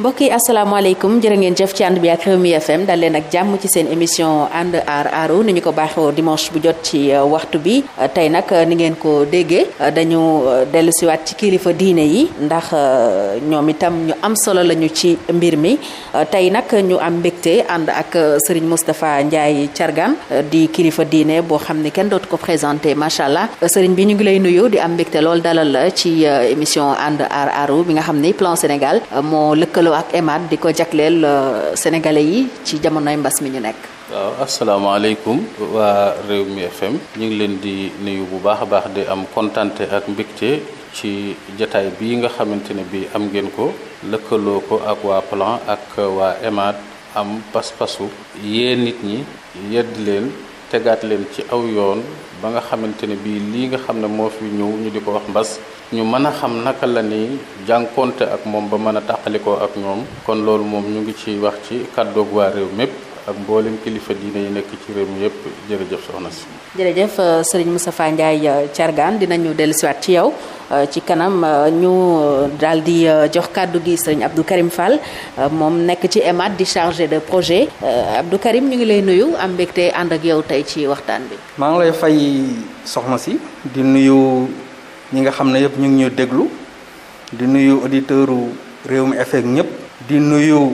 mbokk yi asalaamaaleykum jërë ngeen jëf ci ànd bi ak Rewmi FM dal leen jàmm ci seen émission ànd ar aaru ni ñu ko baaxoo dimanche bu jot ci euh, waxtu bi euh, tey nag euh, ni ngeen ko déggee dañu dellu siwaat ci kilifa diine yi ndax ñoom itam ñu am solo lañu ci mbir mi tey nag ñu am mbégte ànd ak Serigne Moustapha Ndiaye Thiargane di kilifa diine boo xam ne kenn dootu ko présenté macha allah Serigne bi ñu ngi lay nuyu di am mbégte lool dalal la ci émission ànd aar aaru bi nga xam ni Plan Sénégal loo ak EMAD di ko jagleel euh, sénégalais yi ci jamonoy mbas mi ñu nekk. waaw asalaamaaleykum waa réew mi FM ñu ngi leen di nuyu bu baax a baax di am kontante ak mbégte ci jataay bii nga xamante ne bii am ngeen ko lëkkaloo ko ak waa Plan ak waa EMAD am pas-pasu yee nit ñi yedd leen tegaat leen ci aw yoon ba nga xamante ne bii lii nga xam ne moo fi ñëw ñu di ko wax mbas ñu mën a xam naka la ni jànkonte ak moom ba mën a tàqalikoo ak ñoom kon loolu moom ñu ngi ci wax ci kàddoog waa réew mépp ak mboolem kilifa diine yi nekk ci réew mi yëpp jërëjëf soxna si. jërëjëf euh, sëriñ Moustapha Ndiaye euh, Thiargane dinañu dellusiwaat ci yow euh, ci kanam ñu daal di jox kàddu gi sëriñ Abdou Karim Fall moom nekk ci EMAD di chargé de projet abdu Karim ñu ngi lay nuyu am mbégte ànd ak yow tey ci waxtaan bi. maa ngi lay fay soxna si di nuyu ñi nga xam ne yëpp ñu ngi ñuy déglu di nuyu auditeurs mi FM ñëpp di nuyu.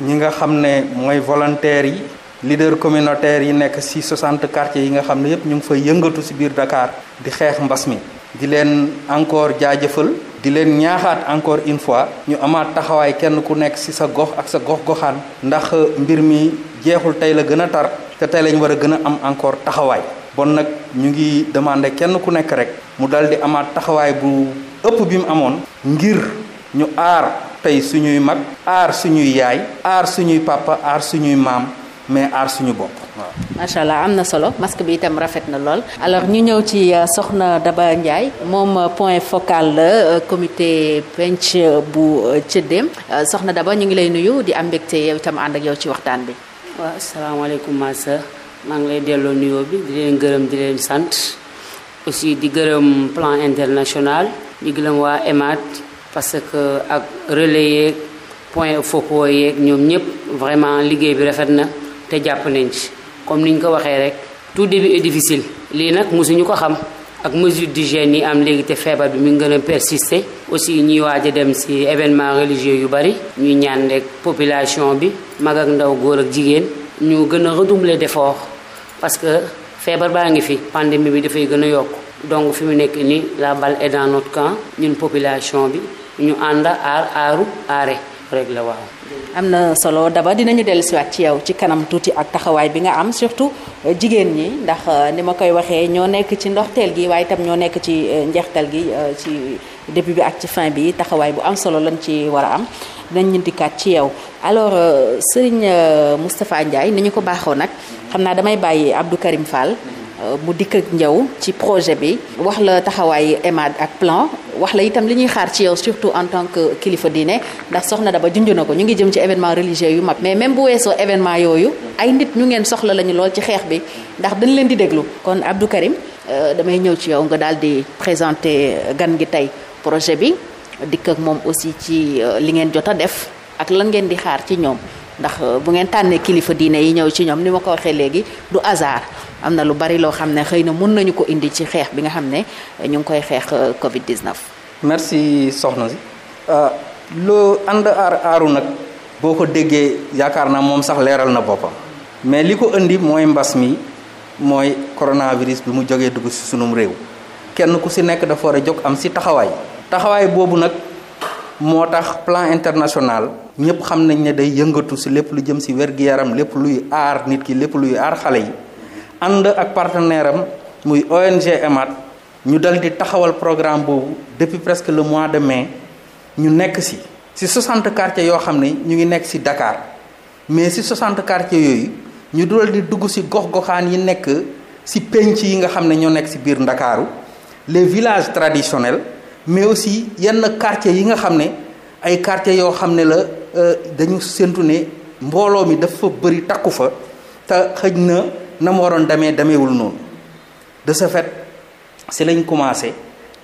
ñi nga xam ne mooy volontaires yi leader communautaire yi nekk ci 60 quartiers yi nga xam ne yëpp ñu ngi fay yëngatu ci biir Dakar di xeex mbas mi di leen encore jaajëfal di leen ñaaxaat encore une fois ñu amaat taxawaay kenn ku nekk ci sa gox ak sa gox-goxaan ndax mbir mi jeexul tey la gën a tar te tey lañ war a gën a am encore taxawaay bon nag ñu ngi demander kenn ku nekk rek mu dal di amaat taxawaay bu ëpp bi mu amoon ngir ñu aar tey suñuy mag aar suñuy yaay aar suñuy papa aar suñuy maam mais aar suñu bopp waaw. macha allah am na solo masque bi itam rafet na lool alors ñu ñëw ci euh, soxna Daba Ndiaye moom euh, point focal la euh, comité penc bu cëddeem soxna Daba ñu ngi lay nuyu di am mbégte yow itam ànd ak yow ci waxtaan bi. waaw asalaamaaleykum ma sœur maa ngi lay delloo nuyoo bi di leen gërëm di leen sant aussi di gërëm plan international di gërëm waa EMAD. parce que ak relais yeeg point focaux yeeg ñoom ñëpp vraiment liggéey bi rafet na te jàpp nañ ci comme ni ñu ko waxee rek tout début est difficile lii nag mosuñu ko xam ak mesure d'hygiène yi am léegi te feebar bi mu ngi gën a persister aussi ñuy waaj a dem ci événement religieux yu bari ñuy ñaan rek population bi mag ak ndaw góor ak jigéen ñu gën a redoubler d'efforts parce que feebar baa ngi fi pandémie bi dafay gën a yokk donc fi mu nekk nii la balle et dans notre camp ñun population bi ñu ànd aar aaru la waaw. am na solo daba dinañu dellusiwaat ci yow ci kanam tuuti ak taxawaay bi nga am surtout euh, jigéen ñi ndax euh, ni ma koy waxee ñoo nekk ci ndoxteel gi waaye tam ñoo nekk ci euh, njeextal gi ci début bi ak ci fin bi taxawaay bu am solo lañ ci war a am dinañ dikkaat ci yow. alors sëriñ Moustapha Ndiaye ni ñu ko baaxoo nag xam naa damay bàyyi Abdou Karim Fall. Euh, mu dikk ak njaw ci projet bi wax la taxawaay EMAD ak plan wax la itam li ñuy xaar ci yow surtout en tant que kilifa diine ndax soxna Daba junju na ko ñu ngi jëm ci événement religieux yu mag mais même bu weesoo événement yooyu ay nit ñu ngeen soxla lañu lool ci xeex bi ndax dañ leen di déglu kon Abdou Karim euh, damay ñëw ci yow nga daal di présenter gan gi tey projet bi dikk ak moom aussi ci euh, li ngeen jot a def ak lan ngeen di xaar ci ñoom ndax euh, bu ngeen tànnee kilifa diine yi ñëw ci ñoom li ma ko waxee léegi du hasard am na lu bari loo xam ne xëy na mun nañu ko indi ci xeex bi nga xam ne euh, ñu ngi koy xeex euh, Covid 19. merci soxna si loo nag boo ko déggee yaakaar naa moom sax leeral na boppam mais li ko indi mooy mbas mi mooy coronavirus bi mu jógee dugg si sunum réew kenn ku si nekk dafa war a jóg am si taxawaay. taxawaay boobu nag moo tax plan international. ñëpp xam nañ ne day yëngatu si lépp lu jëm si wér-gi-yaram lépp luy aar nit ki lépp luy aar xale yi ànd ak partenaire am muy ONG mat ñu dal di taxawal programme boobu depuis presque le mois de mai ñu nekk si si 60 quartiers yoo xam ne ñu ngi nekk si Dakar mais si 60 quartiers yooyu ñu dal di dugg si gox-goxaan yi nekk si penc yi nga xam ne ñoo nekk si biir Ndakaaru les villages traditionnels mais aussi yenn quartiers yi nga xam ne ay quartiers yoo xam ne la Euh, dañu séntu ne mbooloo mi dafa bëri takku fa te xëj na na waroon demee demeewul noonu de ce fait si lañ commencé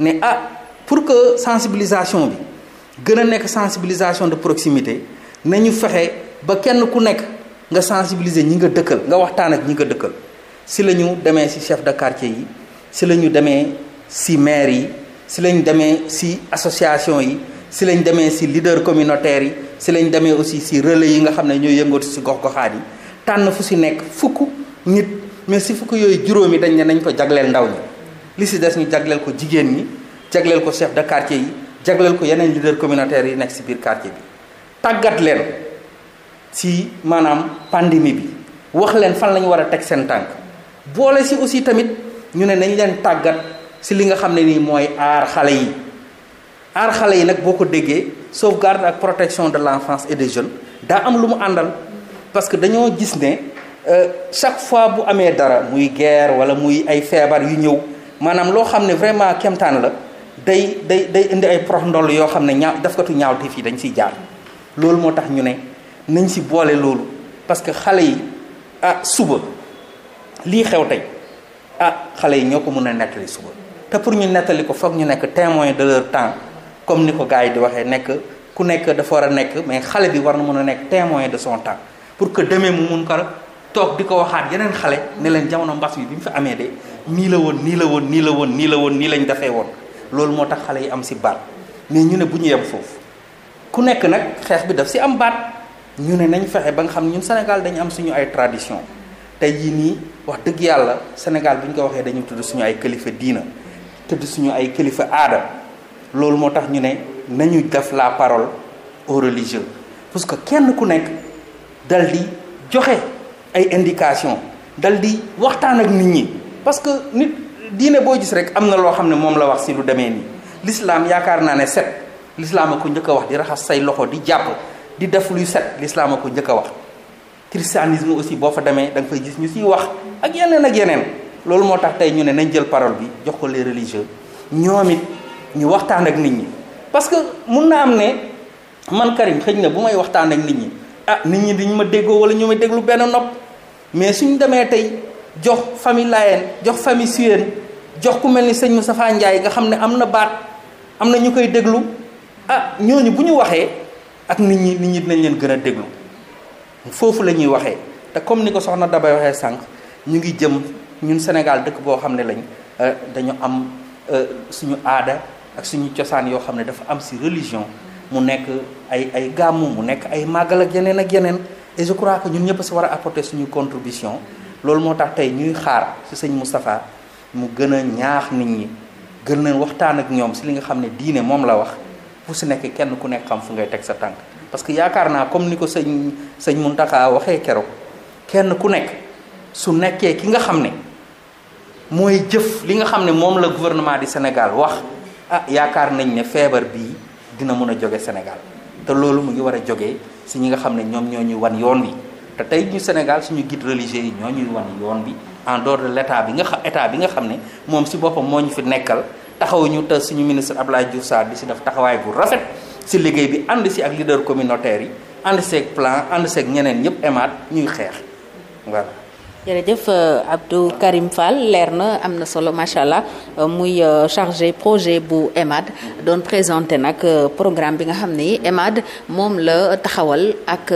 ne ah pour que sensibilisation bi gën a nekk sensibilisation de proximité nañu fexe ba kenn ku nekk nga sensibiliser ñi nga dëkkal nga waxtaan ak ñi nga dëkkal si la ñu demee si chef de quartier yi si la ñu demee si maire yi si la demee si association yi si lañ demee si leader communautaire yi si lañ demee aussi si relais yi nga xam ne ñoo yëngatu si gox-goxaat yi tànn fu si nekk fukk nit mais si fukk yooyu juróomi dañ ne nañ ko jagleel ndaw ñi li si des ñu jagleel ko jigéen ñi jagleel ko chef de quartier yi jagleel ko yeneen leader communautaire yi nekk si biir quartier bi tàggat leen si maanaam pandémie bi wax leen fan la ñu war a teg seen tànk boole si aussi tamit ñu ne nañ leen tàggat si li nga xam ne nii mooy aar xale yi aar xale yi nag boo ko déggee sauvegarde ak protection de l'enfance et des jeunes daa am lu mu àndal parce que dañoo gis ne euh, chaque fois bu amee dara muy guerre wala muy ay feebar yu ñëw maanaam loo xam ne vraiment kemtaan la day day day indi ay prox ndoll yoo xam ne ñaaw katu ñaaw te fii dañ siy jaar loolu moo tax ñu ne nañ si boole loolu parce que xale yi ah suba lii xew tey ah xale yi ñoo ko mun a nettali suba te pour ñu nettali ko foog ñu nekk témoin de leur temps comme ni ko gars yi di waxee nekk ku nekk dafa war a nekk mais xale bi war na mun a nekk témoin de son temps pour que demee mu mun ko toog di ko waxaat yeneen xale ne leen jamono mbas bi bi mu fi amee de nii la woon nii la woon nii la woon nii la woon nii lañ defee woon loolu moo tax xale yi am si baat mais ñu ne bu ñu yem foofu ku nekk nag xeex bi daf si am baat ñu ne nañ fexe ba nga xam ñun Sénégal dañu am suñu ay tradition tey jii nii wax dëgg yàlla Sénégal bu ko waxee dañu tudd suñu ay kilifa diina tudd suñu ay kilifa aada loolu moo tax ñu ne nañu def la parole aux religieux parce que kenn ku nekk dal di joxe ay indication dal di waxtaan ak nit ñi parce que nit diine boo gis rek am na loo xam ne moom la wax si lu demee nii lislaam yaakaar naa ne set lislaam a ko njëkk a wax di raxas say loxo di jàpp di def luy set l'islam a ko njëkk a wax christianisme aussi boo fa demee da nga fay gis ñu siy wax ak yeneen ak yeneen loolu moo tax tey ñu ne nañ jël parole bi jox ko les religieux ñoom ñu waxtaan ak nit ñi parce que mun naa am ne man Karim xëj na bu may waxtaan ak nit ñi ah nit ñi dañ ma déggoo wala ñu ma déglu benn nopp mais suñ demee tey jox famille Layeen jox famille Suyeen jox ku mel ni sëñ Moustapha Ndiaye nga xam ne am na baat am na ñu koy déglu ah ñooñu bu ñu waxee ak nit ñi nit ñi dinañ leen gën a déglu foofu la ñuy waxee te comme ni ko soxna Dabay waxee sànq ñu ngi jëm ñun Sénégal dëkk boo xam ne lañ euh, dañu am euh, suñu aada ak suñu cosaan yoo xam ne dafa am si religion mu nekk ay ay gàmmu mu nekk ay màggal ak yeneen ak yeneen et je crois que ñun ñëpp si war a apporter suñu contribution loolu moo tax tey ñuy xaar si sëñ Moustapha mu gën a ñaax nit ñi gën leen waxtaan ak ñoom si li nga xam ne diine moom la wax fu si nekk kenn ku nekk xam fu ngay teg sa tànk parce que yaakaar naa comme ni ko sëñ sëñ Mountakha waxee keroog kenn ku nekk su nekkee ki nga xam ne mooy jëf li nga xam ne moom la gouvernement du Sénégal wax ah yaakaar nañ ne feebar bii dina mën a jóge Sénégal te loolu mu ngi war a jóge si ñi nga xam ne ñoom ñoo ñuy wan yoon wi te tey ñu Sénégal suñu guide religieux yi ñoo ñuy wan yoon bi en dehors de l' bi nga xam état bi nga xam ne moom si boppam moo ñu fi nekkal taxawuñu te suñu ministre Abdoulaye Diouf Sarr bi si def taxawaay bu rafet si liggéey bi ànd si ak leader communautaire yi ànd seeg plan ànd seeg ñeneen ñëpp emaat ñuy xeex voilà jërëjëf euh, Abdou Karim Fall leer na am na solo macha allah euh, muy euh, chargé projet bu EMAD doon présenté nag programme bi nga xam ni EMAD moom la taxawal ak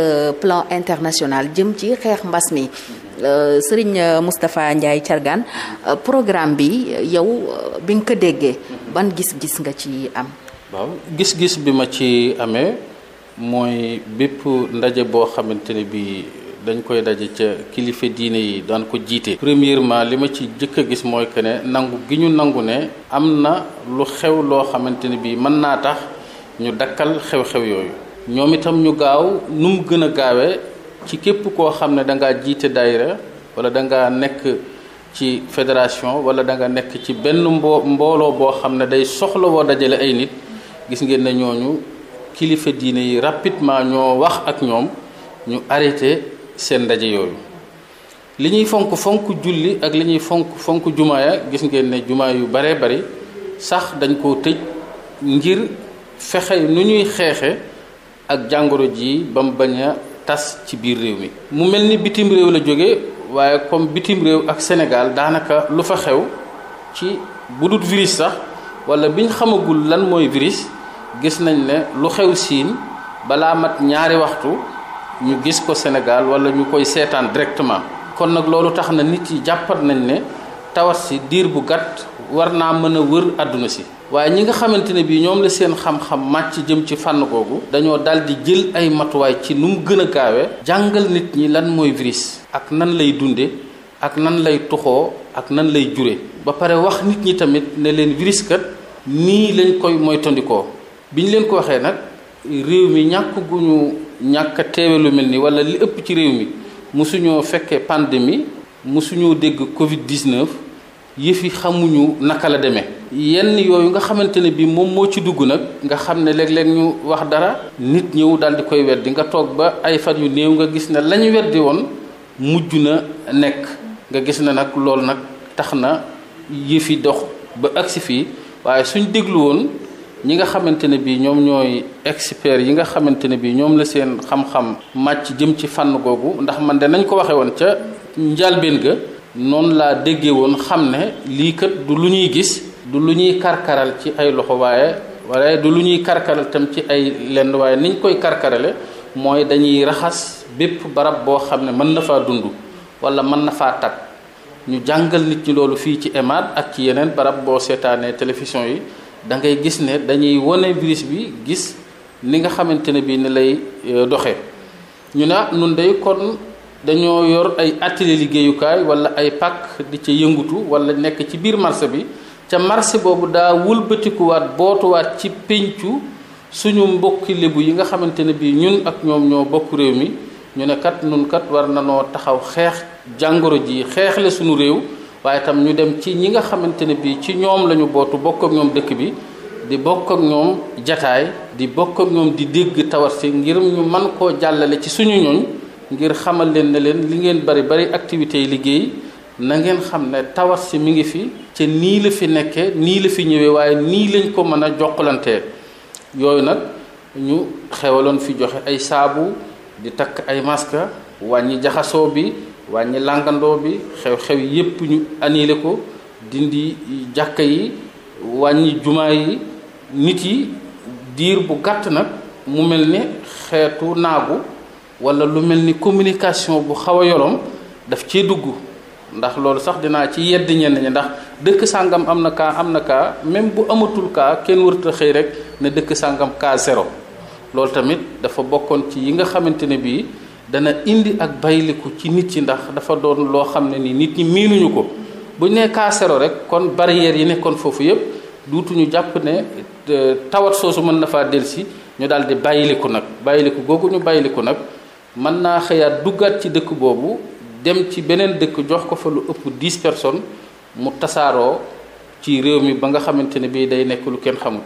plan international jëm ci xeex mbas mi. Serigne Moustapha Ndiaye Thiargane programme bi yow bi nga ko déggee ban gis-gis nga ci am. waaw gis-gis bi ma ci amee mooy bépp ndaje boo xamante ne bii. dañ koy daj ca kilifa diine yi daan ko jiite. premièrement li ma ci jëkk a gis mooy que ne nangu gi ñu nangu ne am na lu xew loo xamante ne bii mën naa tax ñu dakkal xew-xew yooyu. ñoom itam ñu gaaw nu mu gën a gaawee ci képp koo xam ne da ngaa jiite daayira wala da ngaa nekk ci fédération wala danga nekk ci benn mbooloo boo xam ne day soxla woo dajale ay nit gis ngeen ne ñooñu kilifa diine yi rapidement ñoo wax ak ñoom ñu arrêté. seen ndaje yooyu li ñuy fonk fonk julli ak li ñuy fonk fonk jumaaya gis ngeen ne jumaa yu baree bari sax dañ koo tëj ngir fexe nu ñuy xeexe ak jàngoro ji bam bañ a tas ci biir réew mi mu mel ni bitim réew la jóge waaye comme bitim réew ak senegal daanaka lu fa xew ci bu dut virus sax wala biñ xamagul lan mooy virus gis nañ ne lu xew siin balaa mat ñaari waxtu ñu gis ko Sénégal wala ñu koy seetaan directement kon nag loolu tax na nit yi jàppat nañ ne tawat si diir bu gàtt war naa mën a wër àdduna si waaye ñi nga xamante ne bii ñoom la seen xam-xam màcc jëm ci fànn googu dañoo daal di jël ay matuwaay ci nu mu gën a gaawee jàngal nit ñi lan mooy virus ak nan lay dunde ak nan lay tuxoo ak nan lay jure ba pare wax nit ñi tamit ne leen virus kat nii lañ koy moytandikoo bi ñu leen ko waxee nag réew mi ñàkk gu ñu ñàkk a lu mel ni wala li ëpp ci réew mi mosuñoo fekkee pandémie mosuñoo dégg Covid 19 yëf yi xamuñu naka la demee. yenn yooyu nga xamante ne bii moom moo ci dugg nag nga xam ne léeg-léeg ñu wax dara nit ñëw daal di koy weddi nga toog ba ay fan yu néew nga gis ne la ñu weddi woon mujj na nekk nga gis ne nag loolu nag tax na yëf yi dox ba agsi fii waaye suñ déglu woon. ñi nga xamante ne bii ñoom ñooy experts yi nga xamante ne bii ñoom la seen xam-xam màcc jëm ci fànn googu ndax man de nañ ko waxee woon ca njàlbeen ga noonu laa déggee woon xam ne lii kat du lu ñuy gis du lu ñuy karkaral ci ay loxo waaye du lu ñuy karkaral tam ci ay lenn waaye niñ koy karkarale mooy dañuy raxas bépp barab boo xam ne mën na fa dund wala mën na faa tag ñu jàngal nit ñi loolu fii ci EMAD ak ci yeneen barab boo seetaanee télévision yi da ngay gis ne dañuy wane virus bi gis ni nga xamante ne bii ni lay euh, doxe ñu ne ah, nun day kon dañoo yor ay atelier liggéeyukaay walla ay pàkk di ca yëngutu wala nekk ci biir marché bi ca marché boobu daa wulbatikuwaat bootuwaat ci péncu suñu mbokki lébu yi nga xamante ne bii ñun ak ñoom ñoo bokk réew mi ñu ne kat nun kat war na noo taxaw xeex jàngoro ji xeexle suñu réew waaye tam ñu dem ci ñi nga xamante ne bii ci ñoom la ñu bootu bokk ak ñoom dëkk bi di bokk ñoom jataay di bokk ñoom di dégg tawat si ngir ñu mën koo jàllale ci suñu ñooñ ngir xamal leen ne leen li ngeen bari bari activités yi liggéey na ngeen xam ne tawat si mi ngi fi ci nii la fi nekkee nii la fi ñëwee waaye nii lañ ko mën a jokkalantee yooyu nag ñu xewaloon fi joxe ay saabu di takk ay maska wàññi jaxasoo bi wàññi làngandoo bi xew-xew yépp ñu annulé ko dindi jàkka yi wàññi jumaa yi nit yi diir bu gàtt nag mu mel ni xeetu naagu walla lu mel ni communication bu xaw a yolom daf cee dugg ndax loolu sax dinaa ci yedd ñenn ñi ndax dëkk sàngam am na kaa am na kaa même bu amatul kaa kenn warut xëy rek na dëkk sàngam kaa zéro loolu tamit dafa bokkoon ci yi nga xamante ne bii dana indi ak bayliku ci nit ci ndax dafa doon loo xam ne ni nit ñi miinuñu ko bu ñu nee cas rek kon barrières yi nekkoon foofu yëpp duutuñu jàpp ne euh, tawat soosu mën na faa delsi ñu daal di bàyyiliku nag bàyyiliku googu ñu bàyyiliku nag mën naa xëyaat duggaat ci dëkk boobu dem ci beneen dëkk jox ko fa lu ëpp 10 personnes mu tasaaroo ci réew mi ba nga xamante ne bii day nekk lu kenn xamul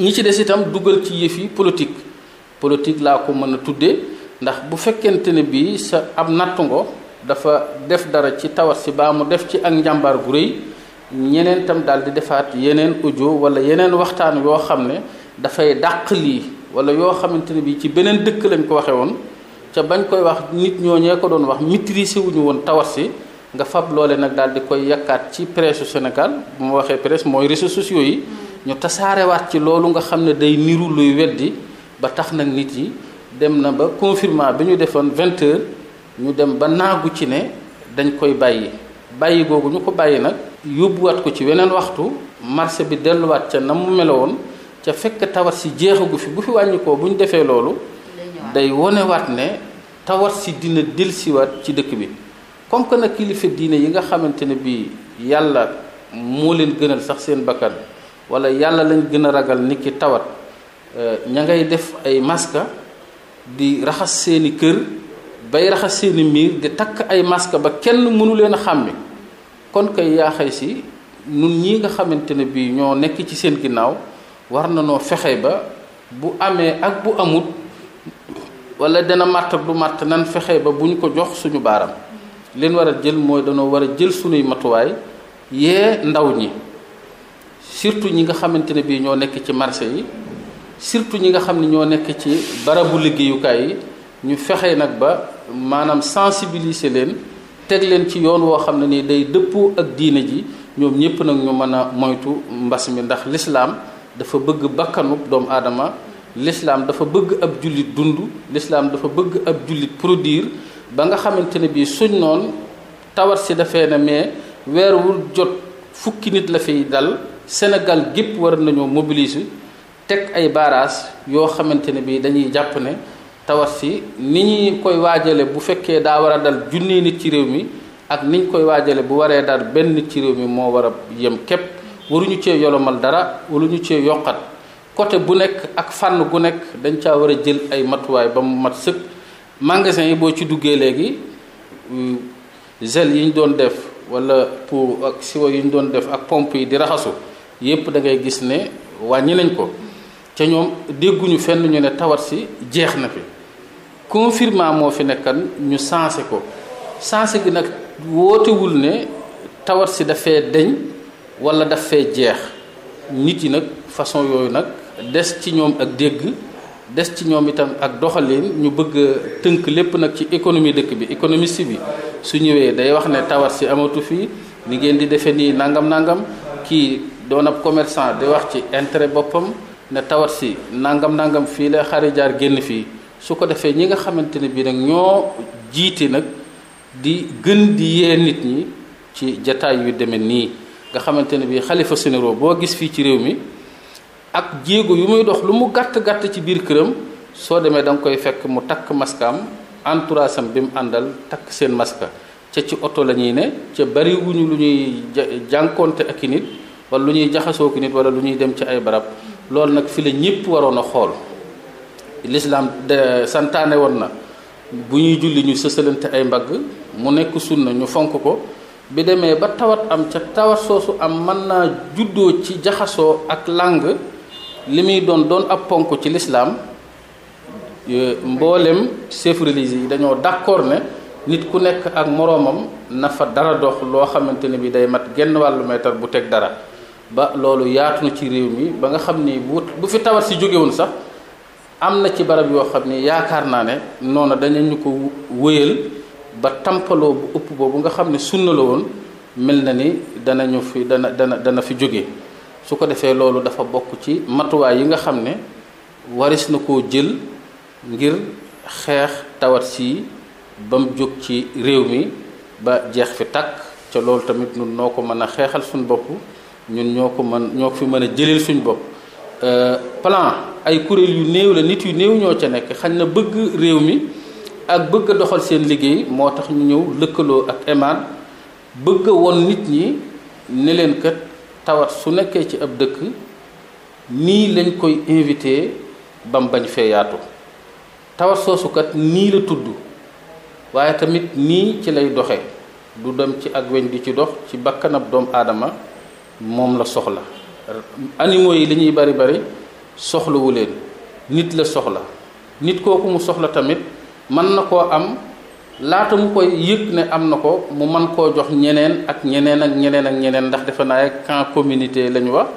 ñi ci des itam duggal ci yëf yi politique laa ko mën a tuddee. ndax bu fekkente ne bii sa ab ngoo dafa def dara ci tawat si baa mu def ci ak njàmbaar gu rëy ñeneen tam daal di defaat yeneen audio wala yeneen waxtaan yoo xam ne dafay dàq lii wala yoo xamante ne bii ci beneen dëkk lañ ko waxee woon ca bañ koy wax nit ñoo ñee ko doon wax maîtriser wuñu woon tawar si nga fab loole nag daal di koy yakkaat ci presse Sénégal bu ma waxee presse mooy réseaux sociaux yi mm. ñu tasaarewaat ci loolu nga xam ne day niru luy weddi ba tax nag nit yi dem na ba confinement bi ñu defoon vingt ñu dem ba naagu ci ne dañ koy bàyyi bàyyi googu ñu ko bàyyi nag yóbbuwaat ko ci weneen waxtu marché bi delluwaat ca na mu melowoon ca fekk tawat si jeexagu fi bu fi wàññikoo bu ñu defee loolu day wonewaat ne tawat si dina delsiwaat ci dëkk bi comme que nag kilifa diine yi nga xamante ne bii yàlla moo leen gënal sax seen bakkan wala yàlla lañ gën a ragal nit ki tawat euh, ña ngay def ay maska di raxas seeni kër bay raxas seeni miir di takk ay masque ba kenn mënu leen a xàmme kon kay yaaxay si nun ñi nga xamante ne bii ñoo nekk ci seen ginnaaw war na noo fexe ba bu amee ak bu amut wala dana màtt ak du màtt nan fexe ba bu ñu ko jox suñu baaram leen war a jël mooy danoo war a jël suñuy matuwaay yee ndaw ñi surtout ñi nga xamante ne bii ñoo nekk ci marché yi surtout ñi nga xam ne ñoo nekk ci barabu liggéeyukaay yi ñu fexe nag ba maanaam sensibiliser leen teg leen ci yoon woo xam ne ni day dëppoo ak diine ji ñoom ñëpp nag ñu mën a moytu mbas mi ndax lislaam dafa bëgg bakkanub doomu aadama lislaam dafa bëgg ab jullit dund lislaam dafa bëgg ab jullit produire ba nga xamante ne bii suñ noon tawat si dafee na mais weer wu jot fukki nit la fiy dal Sénégal gépp war nañoo mobiliser teg ay barrage yoo xamante ne bi dañuy jàpp ne tawat si ni ñuy koy waajale bu fekkee daa war a dal junni nit ci réew mi ak niñ koy waajale bu waree dal benn nit ci réew mi moo war a yem képp waruñu cee yolomal dara waruñu cee yokkat côté bu nekk ak fànn gu nekk dañ caa war a jël ay matuwaay ba mu mat sëkk magasin yi boo ci duggee léegi euh, gel yi ñu doon def wala po ak siwo yi ñu doon def ak pompe yi di raxasu yépp da ngay gis ne wàññi nañ ko ca ñoom dégguñu fenn ñu ne tawat si jeex na fi confinement moo fi nekkan ñu sensé ko sensé gi nag wootewul ne tawat si dafee deñ wala dafee jeex nit yi nag façon yooyu nag des ci ñoom ak dégg des ci ñoom itam ak doxalin ñu bëgg tënk lépp nag ci économie dëkk bi économiste bi su ñëwee day wax ne tawat si amatu fii ni ngeen di defee nii nangam nangam kii doon ab commerçant di wax ci intérêt boppam ne tawat si nangam nangam fii la xari jaar génn fii su ko defee ñi nga xamante ne bii nag ñoo jiite nag di gën di yee nit ñi ci jataay yu demee nii nga xamante ne bii xalifa sénéro boo gis fii ci réew mi ak jéego yu muy dox lu mu gàtt gàtt ci biir këram soo demee da nga koy fekk mu takk maskaam entourage am bi mu àndal takk seen maska ca ci oto la ñuy ne ca bariwuñu lu ñuy jànkoonte ak i nit wala lu ñuy jaxasoo ki nit wala lu ñuy dem ci ay barab loolu nag fi la ñëpp waroon a xool lislaam de santaane woon na bu ñuy julli ñu sësalante ay mbagg mu nekk sunna ñu fonk ko bi demee ba tawat am ca tawat soosu am mën naa juddoo ci jaxasoo ak langue li muy doon doon ab ponk ci lislaam mboolem chef religieux yi dañoo d'accord ne nit ku nekk ak moroomam na fa dara dox loo xamante ne bi day mat genn wàllu meetar bu teg dara ba loolu yaatu na ci réew mi ba nga xam ni bu bu fi tawat si jógewun sax am na ci barab yoo xam ni yaakaar naa ne noonu ñu ko wëyal ba tampaloo bu ëpp boobu nga xam ne sunna la woon mel na ni danañu fi dana dana dana fi jóge su ko defee loolu dafa bokk ci matuwaay yi nga xam ne waris na koo jël ngir xeex tawat si bam jóg ci réew mi ba jeex fi takk ca loolu tamit nun noo ko mën a xeexal suñu bopp ñun ñoo ko mën ñoo ko fi mën a jëleel suñ bopp euh, palan ay kuréel yu néew la nit yu néew ñoo ca nekk xañ na bëgg réew mi ak bëgg doxal seen liggéey moo tax ñu ñëw lëkkaloo ak emaan bëgg a won nit ñi ne leen kat tawat su nekkee ci ab dëkk nii lañ koy invité bam bañ fee tawat soosu nii la tudd waaye tamit nii ci lay doxe du dem ci ak weñ di ci dox ci bakkanab doomu aadama moom la soxla animaux yi li ñuy bari bari soxlawu leen nit la soxla nit kooku mu soxla tamit mën na koo am laata mu koy yëg ne am na ko mu mën koo jox ñeneen ak ñeneen ak ñeneen ak ñeneen ndax defe naa camp communauté la ñu wax.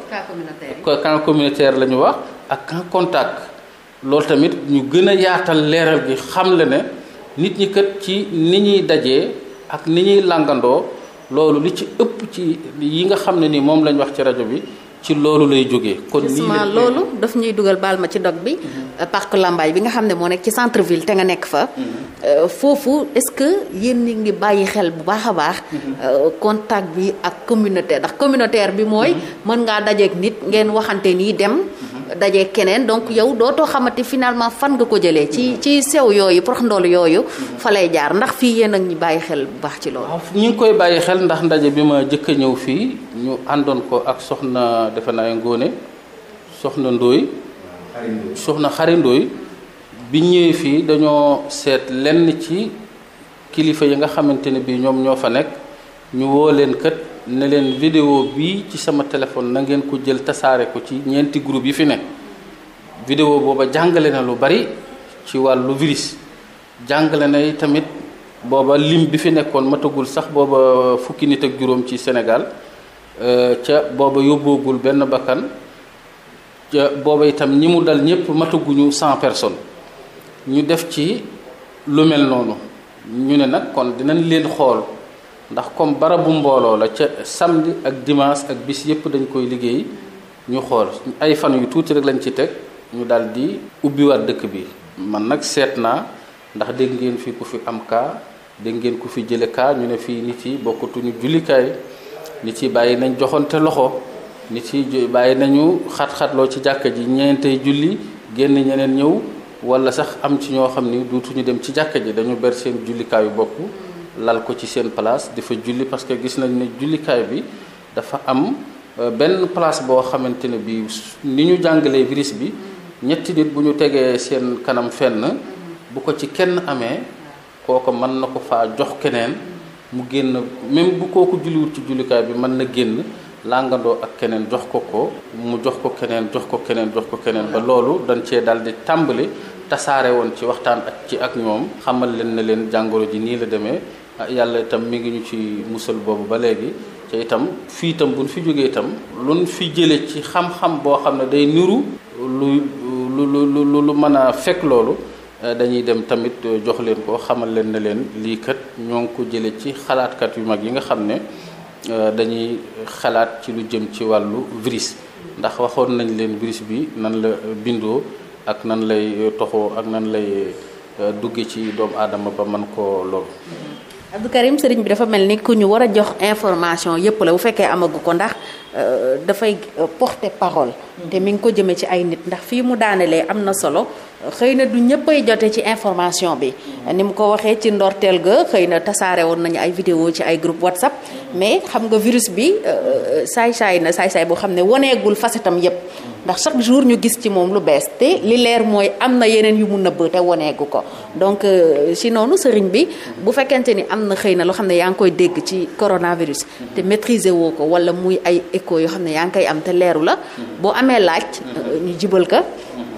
kan communautaire la ñu wax ak camp contact. loolu tamit ñu gën a yaatal leeral gi xam le ne nit ñi kat ci ni ñuy dajee ak ni ñuy làngandoo. loolu li ci ëpp ci yi nga xam ne ni moom lañ wax ci rajo bi ci loolu lay jóge kon nii loolu daf ñuy dugal baal ma ci dog bi. Mhm. parc Lambaye bi nga xam ne moo nekk ci centre ville te nga nekk fa. Mhm. Euh, foofu est-ce que yéen ñi ngi bàyyi xel bu baax a baax. Mhm. Euh, contact bi ak communautaire ndax communautaire bi mooy. mën ngaa dajeeg nit ngeen waxante nii dem. daje keneen donc yow dootoo xamante finalement fan nga ko jëlee ci ci sew yooyu prox ndool yooyu fa lay jaar ndax fii yéen ak ñi bàyyi xel bu baax ci loolu ñu koy bàyyi xel ndax ndaje bi ma jëkk a ñëw fii ñu àndoon ko ak soxna defe naa Ngóone soxna Ndóoy soxna Xari Ndóoy bi ñëwee fii dañoo seet lenn ci kilifa yi nga xamante ne bii ñoom ñoo fa nekk ñu woo leen kët ne leen vidéo bi ci sama téléphone na ngeen ko jël tasaare ko ci ñeenti groupe yi fi nekk vidéo booba jàngale na lu bari ci wàllu virus jàngale na tamit booba lim bi fi nekkoon matagul sax booba fukki nit ak juróom ci Sénégal euh, ca booba yóbboogul benn bakkan ca booba itam ñi mu dal ñépp mataguñu cent personnes ñu def ci lu mel noonu ñu ne nag kon dinañ leen xool ndax comme barabu mbooloo la ca samedi ak dimaas ak bis yëpp dañ koy liggéey ñu xool ay fan yu tuuti rek lañ ci teg ñu daldi di ubbiwaat dëkk bi man nag seet naa ndax dégg ngeen fi ku fi am kaa dégg ngeen ku fi jële kaa ñu ne fii nit yi bokkatuñu jullikaay nit yi bàyyi nañ joxante loxo nit yi bàyyi nañu xat-xatloo ci jàkka ji ñeentey julli génn ñeneen ñëw wala sax am ci ñoo xam ni duutuñu dem ci jàkka ji dañu ber seen jullikaayu bokku lal ko ci seen place di julli parce que gis nañ ne jullikaay bi dafa am euh, benn place boo xamante ne bi ni ñu jàngalee virus bi ñetti nit bu ñu tegee seen kanam fenn bu ko ci kenn amee kooko mën na ko fa jox keneen mu génn même bu kooku julliwut ci jullikaay bi mën na génn làngandoo ak keneen jox ko ko mu jox ko keneen jox ko keneen jox ko keneen ba loolu dañ cee dal di tàmbali tasaare woon ci waxtaan ak ci ak ñoom xamal leen na leen jàngoro ji nii la demee Ah, yàlla itam mu ngi ñu ci musal boobu ba léegi te itam fii itam buñ fi jógee itam luñ fi jële ci xam-xam boo xam ne day niru lu lu mën a fekk eh, dañuy dem tamit eh, jox leen ko xamal leen ne leen lii kat ñoo ngi ko jële ci xalaatkat yu mag yi nga xam ne eh, dañuy xalaat ci lu jëm ci wàllu virus ndax waxoon nañ leen virus bi nan la bindoo ak nan lay toxoo ak nan lay dugge ci doomu aadama ba mën koo loolu Abdou Karim bi dafa mel ni ku ñu war a jox information yépp la bu fekkee amagu ko ndax euh, dafay euh, porter parole. Mm. te mi ngi ko jëmee ci ay nit ndax fii mu daanelee am na solo. xëy na du ñëppay jote ci information bi ni mu ko waxee ci ndorteel ga xëy na tasaare woon nañu ay vidéo ci ay groupe whatsapp mais xam nga virus bi euh, saay-saay na saay-saay boo xam ne waneegul facetam yépp ndax chaque jour ñu gis ci moom lu bees te li leer mooy am na yeneen yu mu nëbb te woneegu ko donc euh, si noonu sëriñ bi bu fekkente ni am na xëy na loo xam ne yaa ngi koy dégg ci coronavirus te maîtriser woo ko wala muy ay écho yoo xam ne yaa ngi koy am te leeru la boo amee laaj euh, jibal ka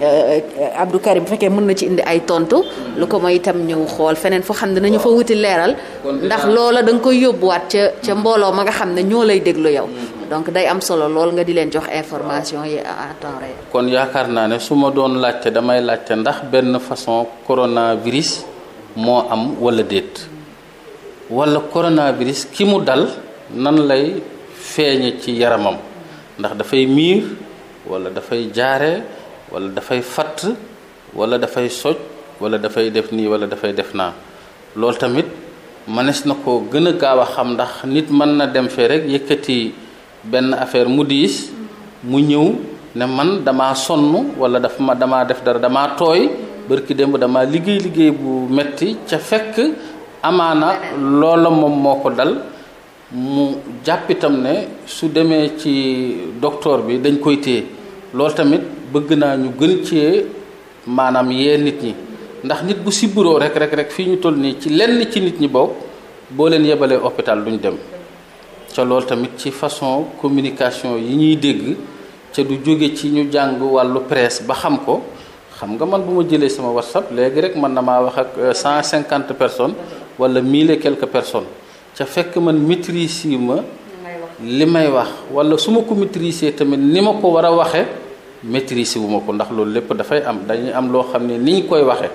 Euh, euh, Abdou Karim bu fekkee mën na ci indi ay tontu. lu ko mooy itam ñëw xool feneen foo xam ne nañu fa wuti leeral. ndax loola da nga koy yóbbuwaat ca ca mbooloo ma nga xam ne ñoo lay déglu yow. donc day am solo lool nga di leen jox information yi à temps kon yaakaar naa ne su ma doon laajte damay laajte ndax benn façon coronavirus moo am walla déet wala coronavirus ki mu dal nan lay feeñe ci yaramam ndax dafay miir wala dafay jaare wala dafay fatt wala dafay soj wala dafay def nii wala dafay def naa loolu tamit mënees na ko gën a gaaw a xam ndax nit mën na dem fee rek yëkkati benn affaire mu diis mu ñëw ne man damaa sonn wala daf ma damaa def dara damaa tooy bërki démb damaa liggéey liggéey bu metti ca fekk amaana loola moom moo ko dal mu jàppitam ne su demee ci docteur bi dañ koy téye loolu tamit bëgg naa ñu gën ci maanaam yee nit ñi ndax nit bu sibburoo rek rek rek fii ñu toll nii ci lenn ci nit ñi bokk boo leen yebalee hôpital duñ dem ca loolu tamit ci façon communication yi ñuy dégg ca du jóge ci ñu jàng wàllu presse ba xam ko xam nga man bu ma jëlee sama whatsapp léegi rek mën na maa wax ak euh, cent cinquante personnes wala mille quelque quelques personnes ca fekk man maîtrise ma li may wax wala su ma ko maîtrisee tamit ni ma ko war a waxee maîtriser wu ma ko ndax loolu lépp dafay am dañuy am loo xam ne ni ñu koy waxee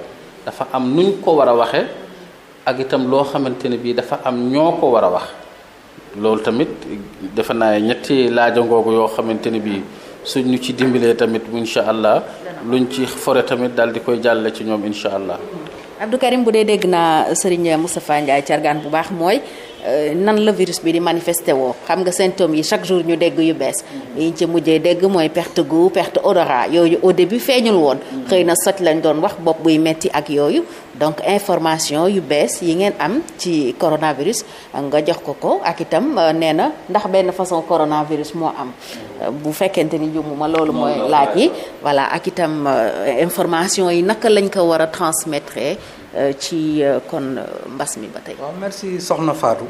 dafa am nuñ ko war a waxee ak itam loo xamante ne bii dafa am ñoo ko war a wax loolu tamit defe naa ñetti laajangoogu yoo xamante ne bii suñ ñu ci dimbilee tamit incha allah lu luñ ci fore tamit daal di koy jàlle ci ñoom incha allah. Abdou Karim bu dee dégg naa Serigne Moustapha Ndiaye Thiargane bu baax mooy. Euh, nan la virus bi di manifesté woo xam nga symptômes yi chaque jour ñu dégg yu bees yi ñu ci mujjee dégg mooy perte goût perte odorat yooyu au début feeñul woon xëy na soj lañ doon wax bopp buy metti ak yooyu donc information yu bees yi ngeen am ci coronavirus nga jox ko ko ak itam euh, nee na ndax benn façon coronavirus moo am euh, bu fekkente ni jumuma loolu mooy laaj yi voilà ak itam information yi naka lañ ko war a transmettre ci euh, kon euh, mbas mi ba tey. waaw merci soxna Fatou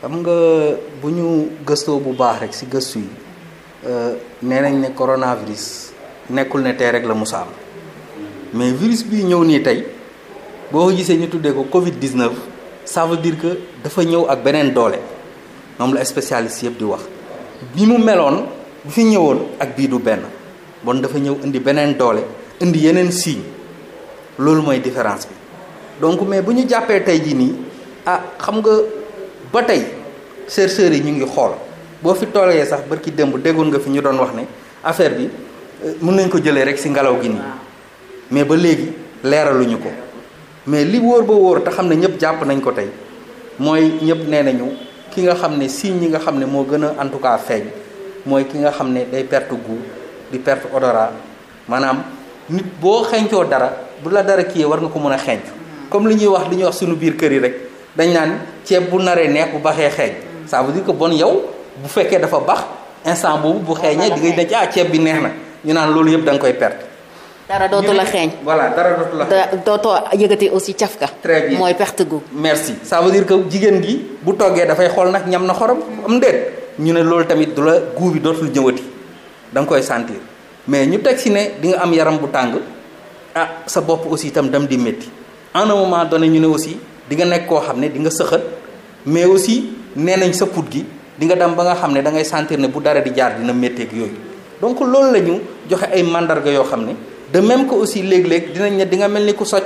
xam nga bu ñu gëstoo bu baax rek si gëstu yi euh, nee nañ ne coronavirus nekkul ne tey rek la musa am mais virus bi ñëw nii tey boo ko gisee ñu tuddee ko Covid 19 ça veut dire que dafa ñëw ak beneen doole moom la spécialiste yëpp di wax bi mu meloon bu fi ñëwoon ak bii du benn bon dafa ñëw indi beneen doole indi yeneen signe loolu mooy différence bi. donc mais bu ñu jàppee tey jii nii ah xam nga ba tey chercheurs yi ñu ngi xool boo fi toolee sax ki démb déggoon nga fi ñu doon wax ne affaire bi euh, mun nañ ko jëlee rek ci ngelaw gi nii mais ba léegi leeraluñu ko mais li wóor ba wóor te xam ne ñëpp jàpp nañ ko tey mooy ñëpp nee nañu ki nga xam ne signe ñi nga xam ne moo gën a en tout cas feeñ mooy ki nga xam ne day perte goût di perte odorat maanaam nit boo xeeñcoo dara bu la dara kiyee war nga ko mën a xeeñcu comme li ñuy wax li ñuy wax sunu biir kër yi rek dañ naan ceeb bu naree neex bu baxee xeeñ ça veut ko bon yow bu fekkee dafa bax instant boobu bu xeeñee di nga ne ah ceeb bi neex na ñu naan loolu yëpp da koy perte. dara dootu la xeeñ voilà dara la xeeñ dootoo aussi caf ka très mooy perte gu. merci ça veut dire que jigéen gi bu toggee dafay xool nag ñam na xorom am déet ñu ne loolu tamit du la guub bi dootul ñëwati da nga koy sentir mais ñu teg si ne di nga am yaram bu tàng ah sa bopp aussi itam dam di métti. en un ñu ne aussi dinga nekk koo xam ne di nga sëxat mais aussi nee nañ sa put gi di nga dem ba nga xam ne da ngay sentir ne bu dara di jaar dina métteeg yooyu donc loolu la ñu joxe ay mandarga yoo xam ne de même que aussi léeg-léeg dinañ ne di nga mel ni ku soj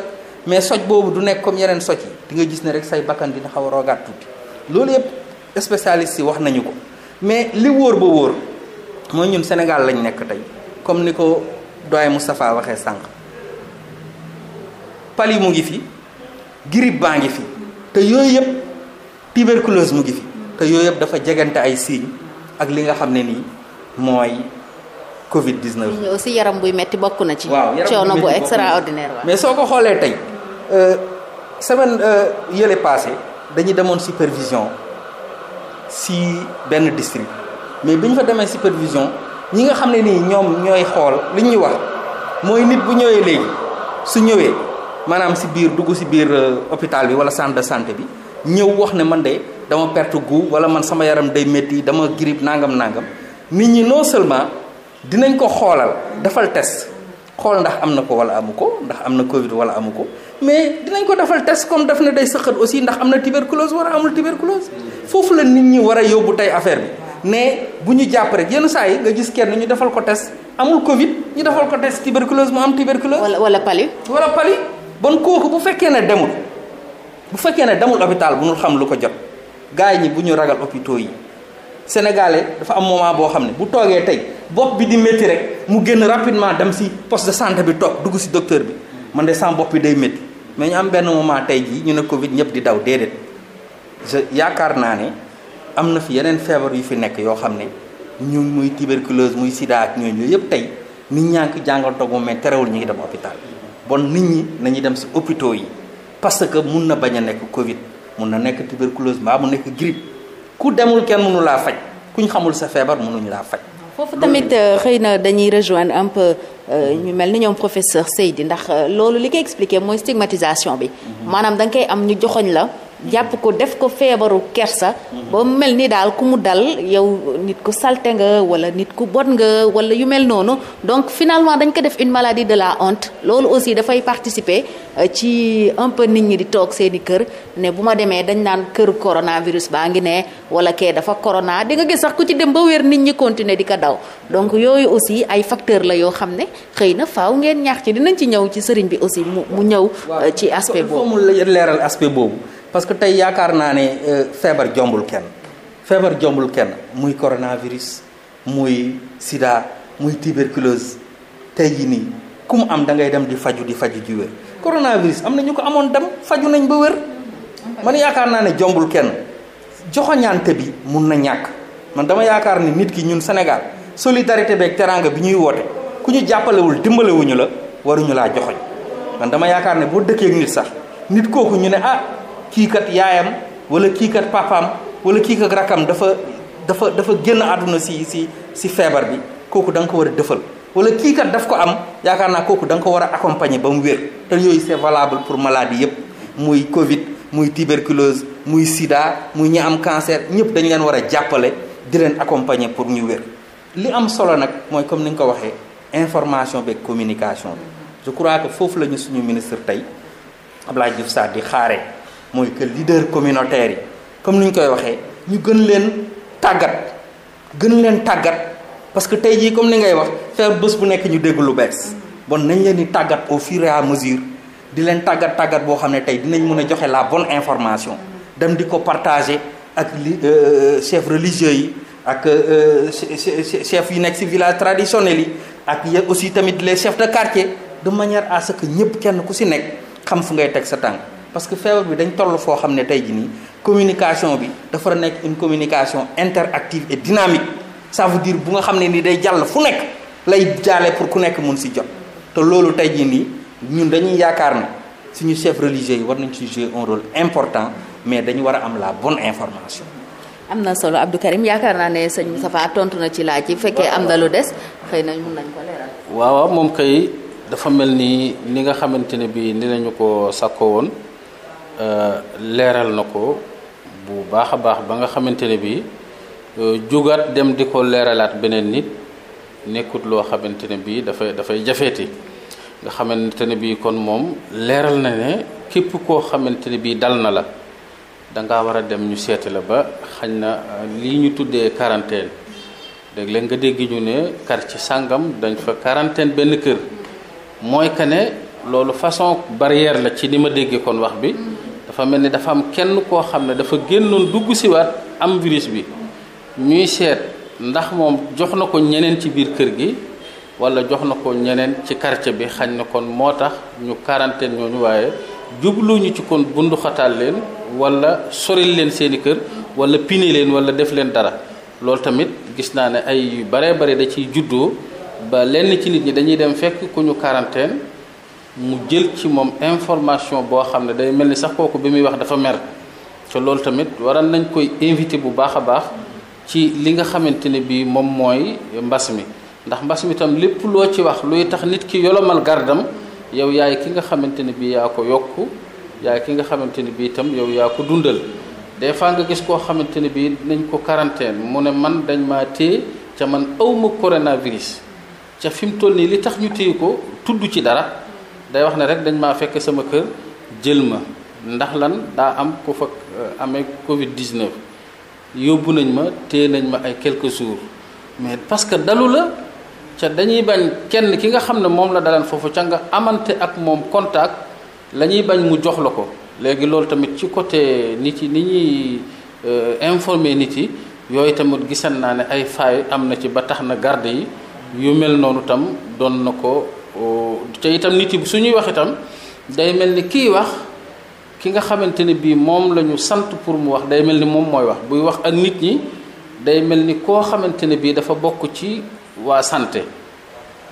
mais soj boobu du nekk comme yeneen soj yi di nga gis ne rek say bakkan dina xaw a rogaat tuuti loolu yëpp spécialiste si wax nañu ko mais li wóor ba wóor mooy ñun Sénégal lañ nekk tey comme ni ko doyen Moustapha waxee sànq pali mu ngi fi grippe baa ngi fi te yooyu yëpp tuberculose mu ngi fi te yooyu yëpp dafa jegante ay signes ak li nga xam ne nii mooy Covid 19. ñu si yaram buy metti bokk na ci. waaw coono bu extraordinaire waaw. mais soo ko xoolee tey euh, semaine euh, yële passé dañu demoon supervision si benn district mais bi ñu fa demee supervision ñi nga xam ne nii ñoom ñooy xool li ñuy wax mooy nit bu ñëwee léegi su ñëwee. maanaam si biir dugg si biir euh, hôpital bi wala centre de santé bi ñëw wax ne man de dama perte goût wala man sama yaram day métti dama grippe nangam nangam nit ñi non seulement dinañ ko xoolal defal test xool ndax am na ko wala amu ko ndax am na Covid wala amu ko mais dinañ ko defal test comme daf na day sëqat aussi ndax am na tuberculose war amul tuberculose foofu la nit ñi war a yóbbu tey affaire bi ne bu ñu jàpp rek yenn saa yi nga gis kenn ñu defal ko test amul Covid ñu defal ko test tuberculose mu am tuberculose. wala wala palu. wala palu. bon kooku bu fekkee ne demul bu fekkee ne demul hôpital bu ñu xam lu ko jot gars ñi bu ñu ragal hôpitaux yi sénégalais dafa am moment boo xam ne bu toogee tey bopp bi di métti rek mu génn rapidement dem si poste de santé bi toog dugg si docteur bi man de san bopp bi day métti mais ñu am benn moment tey jii ñu ne Covid ñëpp di daw déedéet je yaakaar naa ne am na fi yeneen feebar yu fi nekk yoo xam ne ñu muy tuberculose muy sida ak ñooñu yëpp tey nit ñaa ngi ko jàngal terewul ñu ngi dem hôpital. bon nit ñi nañuy dem si hôpitaux yi parce que mun na bañ a nekk Covid mun na nekk tuberculose mbaa mu nekk grippe ku demul kenn mënu laa faj ku ñu xamul sa feebar mënuñu laa faj. foofu tamit euh, xëy na dañuy rejoindre un peu euh, ñu mel ni ñoom professeur Seydi ndax euh, loolu li koy expliqué mooy stigmatisation bi. Mhm. maanaam da koy am ñu joxoñ la. jàpp ko def ko feebaru kersa. ba mu mel ni daal ku mu dal yow nit ku salte nga wala nit ku bon nga wala yu mel noonu donc finalement dañ ko def une maladie de la honte loolu aussi dafay participer euh, ci un peu nit ñi di toog seen i kër ne bu ma demee dañ naan kër coronavirus baa ngi ne wala kee dafa corona di nga gis sax ku ci dem ba wér nit ñi continuer di ko daw donc yooyu aussi ay facteur la yoo xam ne xëy na faaw ngeen ñaax ci dinañ ci ñëw ci sëriñ bi aussi mu mu ñëw. Euh, ci aspe boobu mu leeral aspect boobu. parce que tey yaakaar naa ne euh, feebar jombul kenn feebar jombul kenn muy coronavirus muy sida muy tuberculose tey jii ni ku am da ngay dem di faju di faju ji wér. coronavirus am na ñu ko amoon dem faju nañ ba wér. man yaakaar naa ne jombul kenn joxoñaante bi mun na ñàkk man dama yaakaar ni nit ki ñun Sénégal solidarité beeg teraanga bi ñuy woote. ku ñu jàppalewul dimbalewuñu la waruñu laa joxoñ man dama yaakaar ne boo dëkkee ak nit sax nit kooku ñu ne ah kii kat yaayam wala kii kat papaam wala kii kat rakkam dafa dafa dafa génn àdduna si si si feebar bi kooku danga ko war a dëfal wala kii kat daf ko am yaakaar naa kooku da nga ko war a accompagner ba mu wér te yooyu c'est valable pour maladie yépp muy Covid muy tuberculose muy sida muy ñi am cancer ñëpp dañu leen war a jàppale di leen accompagner pour ñu wér li am solo nag mooy comme ni nga ko waxee information beeg communication bi je crois que foofu la ñu suñu ministre tey Abdoulaye Diouf Sarr di xaaree mooy que leader communautaire yi comme ni ñu koy waxee ñu gën leen tàggat gën leen tàggat parce que tey jii comme ni ngay wax faire bés bu nekk ñu dégg lu bees bon nañ leen di tàggat au fur et mesure di leen tàggat tàggat boo xam ne tey dinañ mun a joxe la bonne information dem di ko partager ak li euh, chef religieux yi ak euh, chef yi nekk ci village traditionnel yi ak y aussi tamit les chef de quartier de manière à ce que ñëpp kenn ku si nekk xam fu ngay teg sa tànk parce que feebar bi dañ toll foo xam ne tey ji nii communication bi dafa nekk une communication interactive et dynamique ça veut dire bu nga xam ne ni day jàll fu nekk lay jaale pour ku nekk mun si jot te loolu tey ji nii ñun dañuy yaakaar ne suñu chef religieux yi war nañ ci jouer un rôle important mais dañu war am la bonne information am na solo Abdou Karim yaakaar naa ne sëñ Moustapha tontu na ci laaj yi fekkee am na lu des xëy nañ waaw moom kay dafa mel ni ni nga xamante ne bii ni lañu ko sàkkoo woon euh, leeral na ko bu baax a baax ba nga xamante ne bii euh, jugaat dem di ko leeralaat beneen nit nekkut loo xamante ne bii dafay dafay jafeeti nga xamante ne bii kon moom leeral na ne képp koo xamante ne bii dal na la. da ngaa war a dem ñu seeti la ba xañ na euh, lii ñu tuddee quarantaine dégg leen nga dégg ñu ne ci sàngam dañ fa quarantaine benn kër mooy que ne loolu façon barrière la ci ni ma déggee kon wax bi dafa mel ni dafa am kenn koo xam ne dafa génnoon dugg siwaat am virus bi ñuy seet ndax moom jox na ko ñeneen ci biir kër gi wala jox na ko ñeneen ci quartier bi xañ na kon moo tax ñu quarantaine ñooñu waaye jubluñu ci kon bunduxataal leen walla soril leen seeni kër wala pine leen wala def leen dara loolu tamit gis naa ne ay yu baree bare da ciy juddoo ba lenn ci nit ñi dañuy dem fekk ku ñu quarantaine mu jël ci moom information boo xam ne day mel ni sax kooku bi muy wax dafa mer te loolu tamit waral nañ koy invité bu baax a baax ci li nga xamante ne bii moom mooy mbas mi ndax mbas mi tam lépp loo ci wax luy tax nit ki yolomal gardam yow yaay ki nga xamante ne bii yaa ko yokk yaay ki nga xamante ne bii itam yow yaa ko dundal des fois nga gis koo xamante ne bii nañ ko quarantaine mu ne man dañ maa téye ca man awma coronavirus ca fi mu toll nii li tax ñu téye ko tudd ci dara day wax ne rek dañ maa fekk sama kër jël ma ndax lan daa am ku fa euh, amee Covid 19 yóbbu nañ ma téye nañ ma ay quelques jours mais parce dalu la. ca dañuy bañ kenn ki nga xam ne moom la dalan foofu ca nga amante ak moom contact la ñuy bañ mu jox la ko léegi loolu tamit ci côté nit yi ni ñuy euh, informer nit yi yooyu tamit gisan naa ne ay faay am na ci ba tax na garde yi yu mel noonu tam doon na ko euh, te itam nit yi su wax itam day mel ni kiy wax ki nga xamante ne bii moom lañu sant pour mu wax day mel ni moom mooy wax buy wax ak nit ñi day mel ni koo xamante ne bii dafa bokk ci waa santé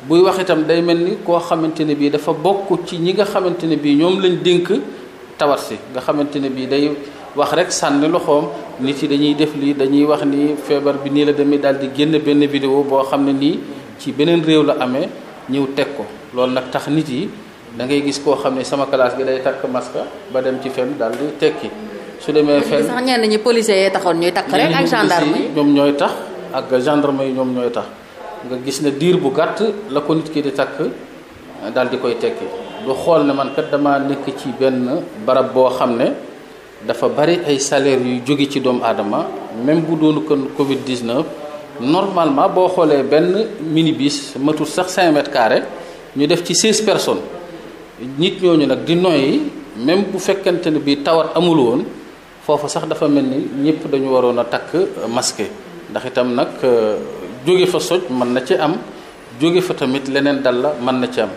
buy wax itam day mel ni koo xamante ne bii dafa bokk ci ñi nga xamante ne bii ñoom lañ dénk tawat nga xamante ne bii day wax rek sànni loxoom nit yi dañuy def lii dañuy wax ni feebar bi nii la demee daal di génn benn vidéo boo xam ne nii ci beneen réew la amee ñëw teg ko loolu nag tax nit yi da gis koo xam ne sama classe gi day takk masque ba dem ci fenn daal di tekki su demee fenn sax ñenn ñi policiers yee taxoon ñuy takk rek ak yi ñoom ñooy tax ak gendarme yi ñoom ñooy tax nga gis ne diir bu gàtt la ko nit ki di takk eh, daal di koy tekki du xool ne man kat dama nekk ci benn barab boo xam ne dafa bari ay salaire yu jóge ci doomu aadama même bu doonu kon Covid 19 normalement boo xoolee benn minibus matul sax 5 mètres carrés ñu def ci 16 personnes nit ñooñu nag di noyyi même bu fekkente ne bi tawat amul woon foofu sax dafa mel ni ñëpp dañu waroon a takk masque ndax itam nag. Euh, jóge fa soj mën na ci am jóge fa tamit leneen dal la mën na ci am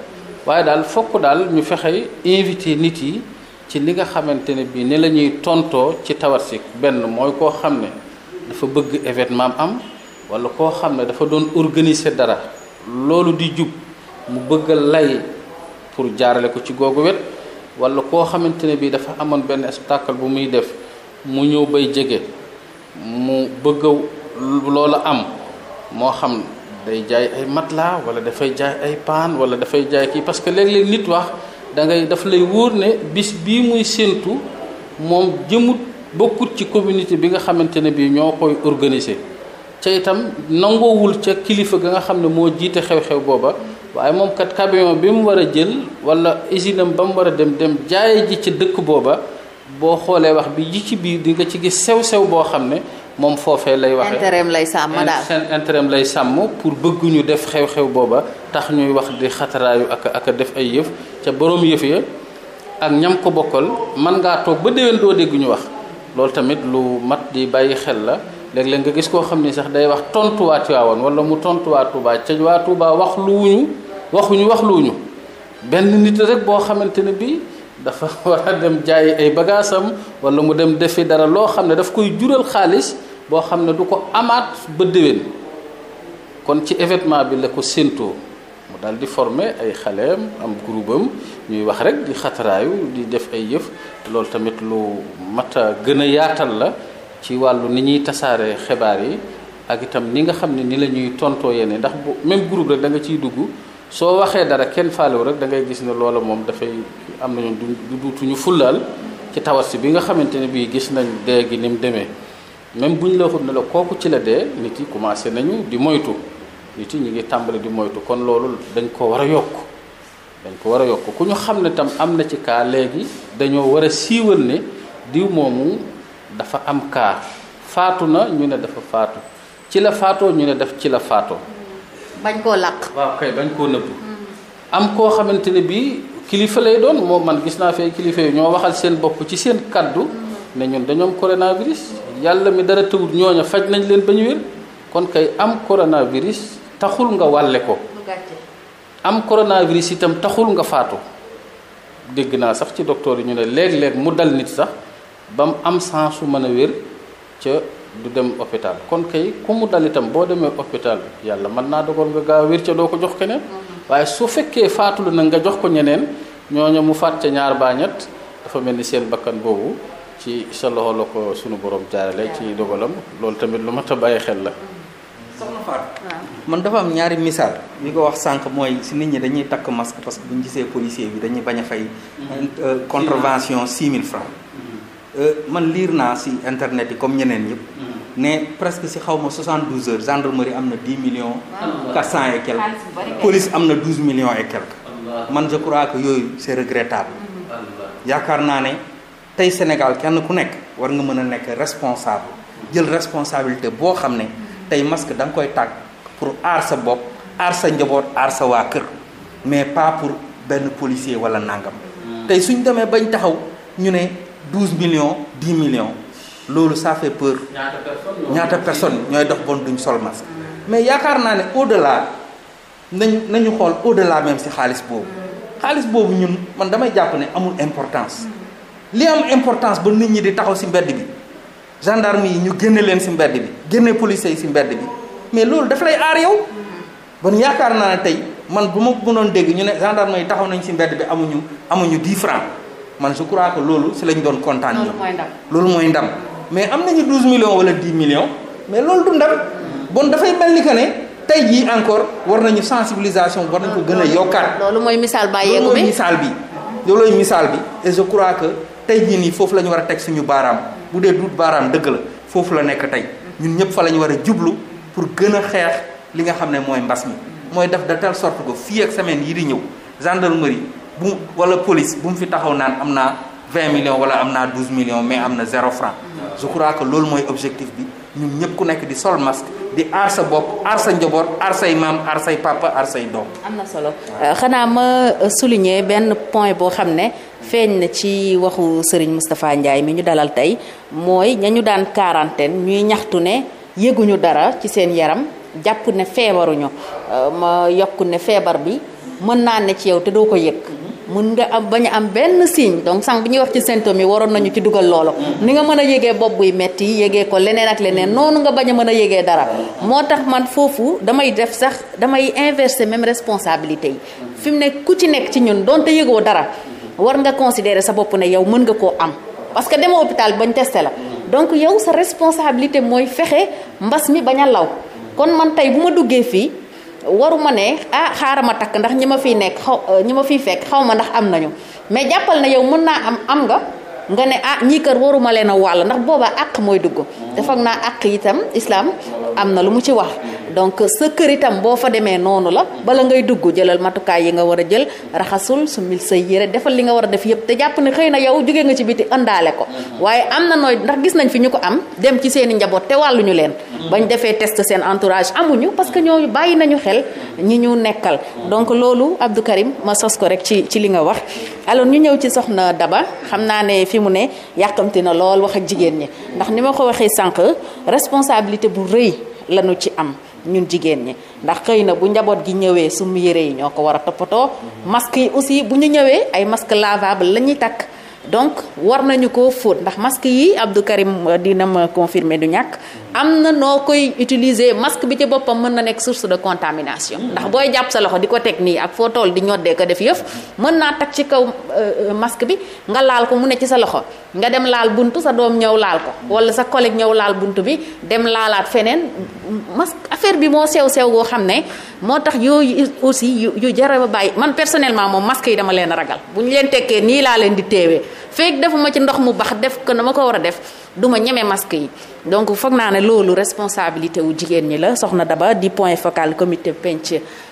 waaye daal fokk daal ñu fexe invité nit yi ci li nga xamante ne bii ni lañuy tontoo ci tawarsik benn mooy koo xam ne dafa bëgg événement am wala koo xam ne dafa doon organiser dara loolu di jub mu bëgg lay pour jaarale ko ci googu wet wala koo xamante ne bii dafa amoon benn spectacle bu muy def mu ñëw bay jege mu bëgg loola am moo xam day jaay ay matelas wala dafay jaay ay paan wala dafay jaay kii parce que léeg-léeg nit wax da ngay daf lay wóor ne bis bii muy séentu moom jëmut bokkut ci communauté bi nga xamante ne bii ñoo koy organiser ca itam nangoowul ca kilifa ga nga xam ne moo jiite xew-xew booba waaye moom kat camion bi mu war a jël wala usine ba mu war a dem dem jaaye ji ci dëkk booba boo xoolee wax bi ji ci biir di nga ci gis sew-sew boo xam ne moom foofee lay waxee intérim lay sàmm daal seen intérim lay sàmm pour bëgguñu def xew-xew booba tax ñuy wax di xataraayu ak ak def ay yëf ca boroom yëf ya ak ñam ko bokkal man ngaa toog ba déwén doo dégg ñu wax loolu tamit lu mat di bàyyi xel la léeg-léeg nga gis koo xam ni sax day wax tontuwaa Tiwaawan wala mu tontuwaa Tuubaa ca waa Tuubaa wax luwuñu waxuñu wax luwuñu benn nit rek boo xamante ne bii dafa war a dem jaayi ay bagaasam wala mu dem defi dara loo xam ne daf koy jural xaalis boo xam ne du ko amaat ba déwén kon ci événement bi la ko séentoo mu daal di former ay xaleem am groupe am ñuy wax rek di xataraayu di def ay yëf loolu tamit lu mat a gën a yaatal la ci wàllu ni ñuy tasaare xibaar yi ak itam ni nga xam ne ni la ñuy tontoo yéene ndax bu groupe rek da nga ciy dugg soo waxee dara kenn faalewu rek da ngay gis ne loola moom dafay am nañu du duutuñu fullaal ci tawat si bi nga xamante ne bii gis nañ dee gi ni mu demee même bu ñu la waxut ne la kooku ci la dee nit yi commencé nañu di moytu nit yi ñu ngi tàmbali di moytu kon loolu dañ ko war a yokk dañ ko war a yokk ku ñu xam ne tam am na ci cas léegi dañoo war a siiwal ne diw moomu dafa am cas faatu na ñu ne dafa faatu ci la faatoo ñu ne def ci la faatoo. bañ koo làq. waaw kay bañ koo nëbb. am koo xamante ne bii kilifa lay doon moom man gis naa fee kilifa yi ñoo waxal seen bopp ci seen kàddu ne ñun dañoo am coronavirus. yàlla mi dara tëwut ñooña faj nañ leen ba ñu wér kon kay am coronavirus taxul nga wàlle ko am coronavirus itam taxul nga faatu dégg naa sax ci docteur yi ñu ne leeg léeg mu dal nit sax ba mu am sens su mën a wér ca du dem hôpital kon kay ku mu dal itam boo demee hôpital yàlla mën naa dogal nga gaaw wér ca doo ko jox keneen mhm. waaye su fekkee faatulu la nag nga jox ko ñeneen ñooñu mu faat ca ñaar baa ñett dafa mel ni seen bakkan boobu ci sa loxo la ko sunu borom jaarale ci dogalam loolu tamit lu mat a bàyyi xel la. soxna man dafa am ñaari misaal. mi ko wax sànq mooy si nit ñi dañuy takk masque parce que bu ñu gisee policier bi dañuy bañ a fay. Euh, contravention 6000 francs mm-hmm. euh, man liir naa si internet yi comme ñeneen yëpp mm-hmm. ne presque si xaw ma 72 heures gendarmerie am na 10 millions. 400 et quelques. police am na 12 millions et quelques. man je crois que yooyu c' est mm-hmm. yaakaar naa tey Sénégal kenn ku nekk war nga mën a nekk responsable jël responsabilité boo xam ne tey masque da nga koy tàgg pour aar sa bopp aar sa njaboot aar sa waa kër mais pas pour benn policier wala nangam. Hmm. tey suñ demee bañ taxaw ñu ne douze millions dix millions loolu ça fait peur. ñaata personnes ñaata personnes ñooy dox bon duñ sol masque. mais yaakaar naa ne de delà nañu nañu xool au delà même si xaalis boobu hmm. xaalis boobu ñun man damay jàpp ne amul importance. li am importance ba nit ñi di taxaw si mbedd bi gendarme yi ñu génne leen si mbedd bi génne policier yi ci mbedd bi mais loolu daf lay aar yow bon yaakaar naa ne tey man bu ma mënoon dégg ñu ne gendarme yi taxaw nañ ci mbedd bi amuñu amuñu 10 francs man je crois que loolu ci lañ doon kontaan ñoom loolu mooy ndam mais am nañu 12 million wala 10 millions mais loolu du ndam bon dafay mel ni que ne tey jii encore war nañu sensibilisation war nañu ko gën a yokkaat loolu mooy misaal bàyyeeku bi loolu mooy bi loolooy bi je crois que tey jii nii foofu la ñu war a teg suñu baaraam bu dee duut baaraam dëgg la foofu la nekk tey ñun ñëpp fa la ñu war a jublu pour gën a xeex li nga xam ne mooy mbas mi. mooy def de telle sorte que fii ak semaine yi di ñëw gendarmerie bu wala police bu mu fi taxaw naan am naa 20 millions wala am naa 12 million mais am na zéro franc. je que loolu mooy objectif bi. ñun ñëpp ku nekk di sol masque di aar sa bopp arsa sa njaboot maam arsay say papa doom. am na solo euh, xanaa ma euh, souligner benn point boo xam ne feeñ na ci waxu Serigne Moustapha Ndiaye mi ñu dalal tey mooy ña ñu daan quarantaine ñuy ñaxtu ne yëguñu dara ci seen yaram jàpp ne feebaruñu euh, ma yokk ne feebar bi mën naa ne ci yow te doo ko yëg. mën nga am bañ am benn signe donc sànq bi ñuy wax ci symptômes yi waroon nañu ci dugal loolu. ni nga mën a yëgee bopp buy metti yëgee ko leneen ak leneen noonu nga bañ a mën a yëgee dara. moo tax man foofu damay def sax damay inverser même responsabilité yi. fi mu ne ku ci nekk ci ñun donte yëgoo dara. war nga considérer sa bopp ne yow mën nga koo am. parce que demoo hôpital bañ testé la. donc yow sa responsabilité mooy fexe mbas mi bañ a law. kon man tey bu ma duggee fii. waruma ne ah xaaral ma takk ndax ñi ma fiy nekk xaw euh, ñi ma fiy fekk xaw ma ndax am nañu mais jàppal na yow mën naa am am nga nga ne ah ñii kër waruma leen a wàll ndax boobaa àq mooy dugg. te foog naa àq itam islaam am na lu mu ci wax. donc sa kër itam boo fa demee noonu la bala ngay dugg jëlal matukaay yi nga war a jël raxasul su mil say yére defal li nga war a def yëpp te jàpp ne xëy na yow jóge nga ci biti ëndaale ko waaye am na nooy ndax gis nañ fi ñu ko am dem ci seen i njaboot te wàlluñu leen ba ñu defee test seen entourage amuñu parce que ñooñu bàyyi nañu xel ñi ñu nekkal donc loolu Abdou Karim ma sos ko rek ci ci li nga wax alors ñu ñëw ci soxna Daba xam naa ne fi mu ne yàkkamti na lool wax ak jigéen ñi ndax ni ma ko waxee sànq responsabilité bu rëy lañu ci am ñun jigéen ñi ndax xëy na bu njaboot gi ñëwee sumu yére yi ñoo ko war a toppatoo mhm. masque yi aussi bu ñu ñëwee ay masque lavable la ñuy takk donc war nañu ko fóot ndax masque yi Abdou Karim euh, dina ma euh, confirmer du ñàkk am na noo koy utiliser masque bi ci boppam mën na nekk source de contamination ndax booy jàpp sa loxo di ko teg nii ak foo tool di ñoddee ko def yëf mën naa tag ci kaw euh, masque bi nga laal ko mu ne ci sa loxo nga dem laal bunt sa doom ñëw laal ko wala sa collègue ñëw laal bunt bi dem laalaat feneen masque affaire bi moo sew sew goo xam ne moo tax yooyu aussi yu yu jara bàyyi man personnellement moom masque yi dama leen bu ñu leen tekkee nii fekk defuma ci ndox mu bax def ko na ma ko war a def duma ma ñeme masque yi donc foog naa ne loolu responsabilité wu jigéen ñi la soxna Daba di point focal comité penc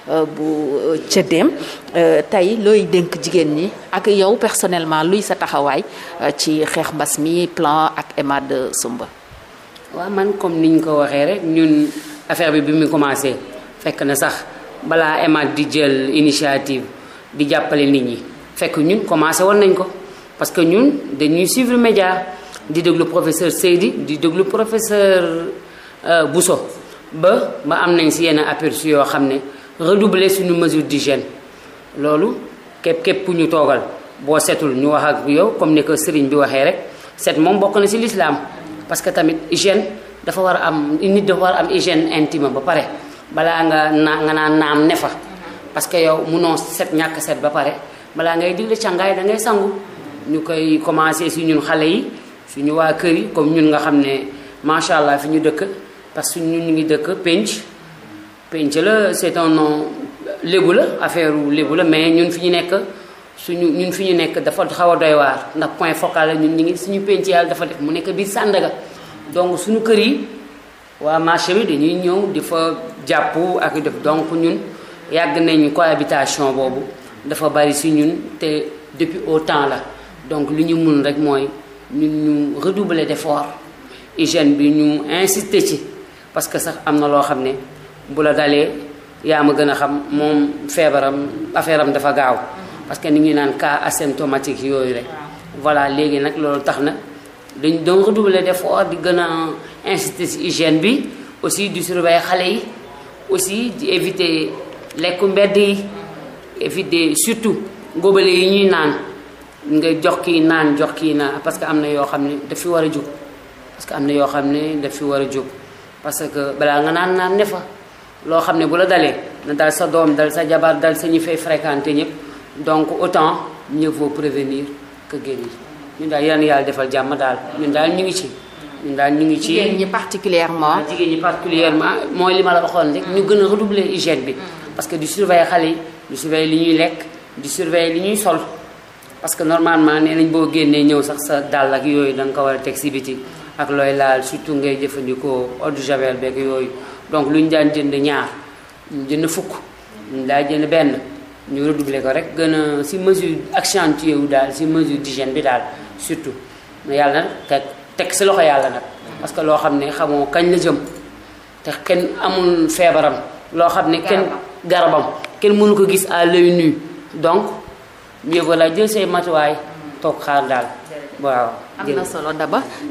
euh, bu euh, cëddeem euh, tey looy dénk jigéen ñi ak yow personnellement luy sa taxawaay ci xeex mbas mi plan ak EMAD Sumba. waaw man comme niñ ko waxee rek ñun affaire bi bi mu commencé fekk na sax balaa EMAD di jël initiative di jàppale nit ñi fekk ñun commencé woon nañ ko. parce que ñun dañuy suivre média di déglu professeur Seydi di déglu professeur euh, Bousso ba ba am nañ si yenn aperçu yoo xam ne redoubler suñu mesure d'hygiène loolu képp képp ku ñu toogal boo setul ñu wax ak yow comme ni ko sëriñ bi waxee rek set moom bokk na si lislaam parce que tamit hygiène dafa war a am nit dafa war a am hygiène intime ba pare balaa nga naa nga naan naam ne fa parce que yow munoo set ñàkk set ba pare balaa ngay digle càngaay da sangu ñu koy commencé si ñun xale yi suñu waa kër yi comme ñun nga xam ne macha allah fi ñu dëkk parce que ñun ñu ngi dëkk penc penc la c'est un nom la affaire lébu la mais ñun fi ñu nekk suñu ñun fi ñu nekk dafa xaw a doy waar ndax point focal la ñun ñu ngi suñu penc yàlla dafa def mu nekk biir Sandaga donc suñu kër yi waa marché bi dañuy ñëw di fa jàpp ak def donc ñun yàgg nañu cohabitation boobu dafa bari si ñun te depuis au temps la donc li ñu mun rek mooy ñun ñu redoubler d'effort hygiène bi ñu insister ci parce que sax am na loo xam ne bu la dalee yaa ma gën a xam moom feebaram affaire am dafa gaaw parce que ni ñuy naan cas asymptomatique yooyu rek mm-hmm. voilà léegi nag loolu tax na dañ doon redoubler d'effort di gën a insister ci hygiène bi aussi di surveiller xale yi aussi di éviter lekku mbedd yi éviter surtout góobale yi ñuy naan nga jox kii naan jox kii naan parce que am na yoo xam ne daf fi war a jóg parce que am na yoo xam ne daf fi war a jóg parce que balaa nga naan naan ne fa loo xam ne bu la dalee na dal sa doom dal sa jabar dal sa ñi fay fréquenté ñëpp donc autant mieux vaut prévenir que guérir ñun daal yal yàlla defal jàmm daal ñun daal ñu ngi ci. daal ñu ngi ci jigéen ñi particulièrement jigéen ñi particulièrement mooy li ma la waxoon ne ñu gën a redoubler hygiène bi. Mm. parce que di surveiller xale yi di surveiller li ñuy lekk di surveiller li ñuy sol. parce que normalement nee nañ boo génnee ñëw sax sa dàll ak yooyu da ko war a teg si biti ak looy laal surtout ngay jëfandikoo eau de javel beeg yooyu donc lu ñu daan jënd ñaar ñu jënd fukk ñu daa jënd benn ñu redoubler ko rek gën a si mesure accentué wu daal si mesure d'hygiène bi daal surtout yàlla nag ka teg si loxo yàlla nag parce que loo xam ne xamoo kañ la jëm te kenn amul feebaram loo xam ne kenn garabam kenn mënu ko gis à l'œil nu donc mieux vaut la jël say matuwaay toog xaar daal waaw. am na solo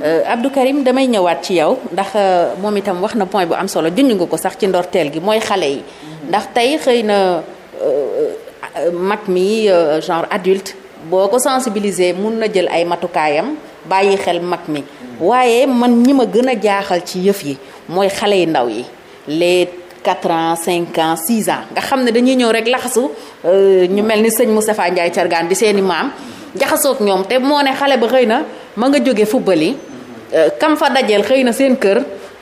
euh, Karim damay ñëwaat ci yow ndax euh, moom itam wax na point bu am solo junj nga ko sax ci ndorteel gi mooy xale yi. ndax tey xëy na euh, mag mi genre adulte boo ko sensibiliser mun na jël ay matukaayam bàyyi xel mag mi waaye man ñi ma gën a jaaxal ci yëf yi mooy xale yu ndaw yi les 4 ans 5 ans 6 ans nga xam ne dañuy ñëw rek laxasu euh, ñu mel ni sëñ Moustapha Ndiaye Thiargane di seeni maam jaxasoog ñoom te moo ne xale ba xëy na ma nga jóge football yi euh, kam fa dajeel xëy na seen kër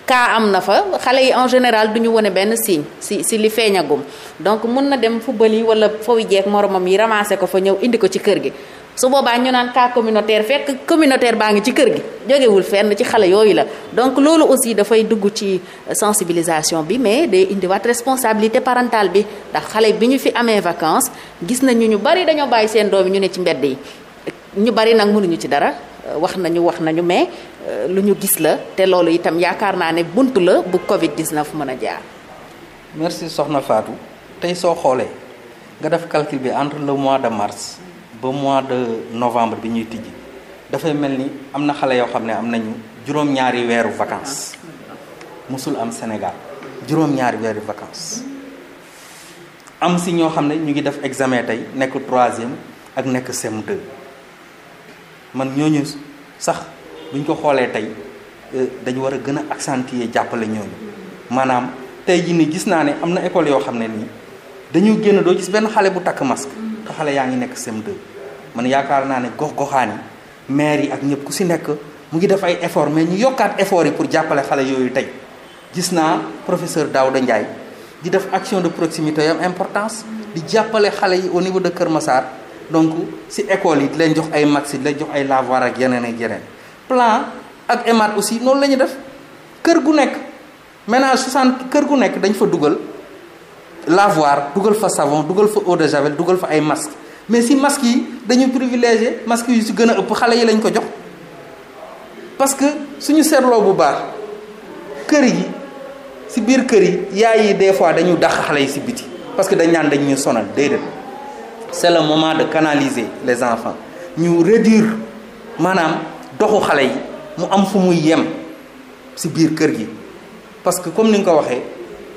kaa am na fa xale yi en général du ñu wane benn signe si si li feeñagum donc mun na dem football yi wala fooy jeeg moromam yi ramasser ko fa ñëw indi ko ci kër gi su boobaa ñu naan cas communautaire fekk communautaire baa ngi ci kër gi jógewul fenn ci xale yooyu la donc loolu aussi dafay dugg ci euh, sensibilisation bi mais day indiwaat responsabilité parentale bi ndax xale bi ñu fi amee vacance gis nañu ñu bari dañoo bàyyi seen doom yi ñu ne ci mbedd yi ñu bari nag mënuñu ci dara euh, wax nañu wax nañu mais euh, lu ñu gis la te loolu itam yaakaar naa ne bunt la bu Covid 19 mën a jaar. merci soxna Fatou tey soo xoolee nga def calcul bi entre mois de mars. ba mois de novembre bi ñuy tijji dafay mel ni am na xale yoo xam ne am nañu juróom-ñaari weeru vacances mosul am Sénégal juróom-ñaari weeru vacances am si ñoo xam ne ñu ngi def examen tey nekk troisième ak nekk CM2 man ñooñu sax buñ ko xoolee tey euh, dañu war a gën a accentuer jàppale ñooñu maanaam tey jii ni gis naa ne am na école yoo xam ne nii dañu génn doo gis benn xale bu takk masque te xale yaa ngi nekk CM2. man yaakaar naa ne gox-goxaan yi maire yi ak ñëpp ku si nekk mu ngi def ay effort mais ñu yokkaat effort yi pour jàppale xale yooyu tey gis naa professeur da Ndiaye di def action de proximité yu am importance di jàppale xale yi au niveau de Kër Massar donc si école yi di leen jox ay max di leen jox ay lavoir ak yeneen ak yeneen plan ak EMAT aussi noonu la ñu def kër gu nekk ménage 60 kër gu nekk dañ fa dugal lavoir dugal fa savon dugal fa eau dugal fa ay masque mais si masque yi dañu privilégié masque yu si gën a ëpp xale yi lañ ko jox parce que suñu seetloo bu baax kër yi si biir kër yi yaay yi des fois dañu dàq xale yi si biti parce que dañ naan dañ ñu sonal déedéet c'est le moment de canaliser les enfants ñu réduire maanaam doxu xale yi mu am fu muy yem si biir kër gi parce que comme ni nga ko waxee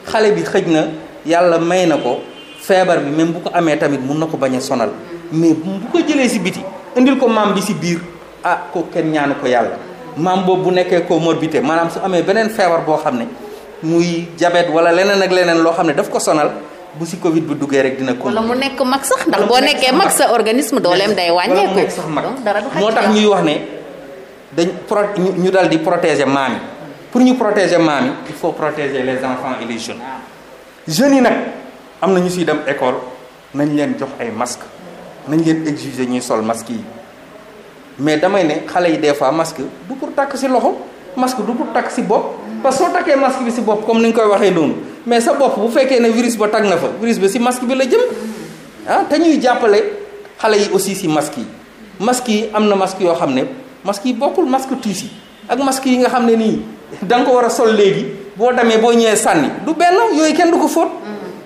xale bi xëj na yàlla may na ko feebar bi même bu ko amee tamit mun na ko bañ a sonal mais bu ko jëlee si biti indil ko maam bi si biir ah ko kenn ñaanu ko yàlla maam boobu bu nekkee comorbidité maanaam su amee beneen feebar boo xam ne muy jabet wala leneen ak leneen loo xam ne daf ko sonal bu si Covid bu duggee rek dina. ko la mu nekk mag sax ndax boo nekkee mag sa organisme dooleem day wàññeeku. nekk sax mag moo tax ñuy wax ne dañ pro ñu dal di protéger maam yi pour ñu protéger maam yi il faut protéger les enfants et jeunes jeunes yi nag. am na ñu si dem école nañ leen jox ay masque nañ leen exiger ñuy sol masque yi mais damay ne xale yi des fois masque du pour takk si loxo masque du pour takk si bopp parce que soo takkee masque bi si bopp comme ni nga koy waxee noonu mais sa bopp bu fekkee ne virus ba tag na fa virus bi si masque bi la jëm ah te ñuy jàppale xale yi aussi si masque yi masque yi am na masque yoo xam ne masque yi bokkul masque tuuti ak masque yi nga xam ne nii da nga ko war a sol léegi boo demee boo ñëwee sànni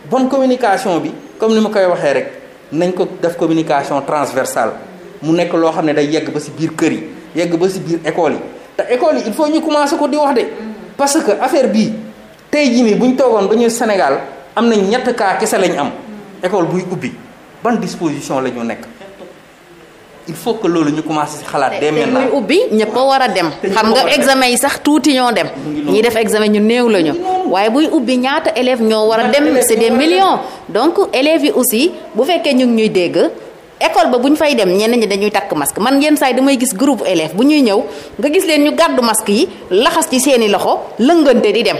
bonne communication bi comme ni ma koy waxee rek nañ ko def communication transversale mu nekk loo xam ne day yegg ba si biir kër yi yegg ba si biir école yi te école yi il faut ñu commencé ko di wax de parce que affaire bii tey jii nii bu ñu toogoon ba ñu Sénégal am nañ ñett cas kese lañ am école buy ubbi ban disposition la ñu nekk il faut que loolu ñu commencé si xalaat dès maintenant muy ubbi ñëpp a war a dem xam nga examen yi sax tuuti ñoo dem ñi def examen ñu néew la ñu waaye buy ubbi ñaata élèves ñoo war a dem c'est des millions donc élèves yi aussi bu fekkee ñu ngi ñuy dégg école ba bu ñu fay dem ñeneen ñi dañuy takk masque man ngeen saa yi damay gis groupe élèves bu ñuy ñëw nga gis leen ñu gàddu masque yi laxas ci seeni loxo lëngante di dem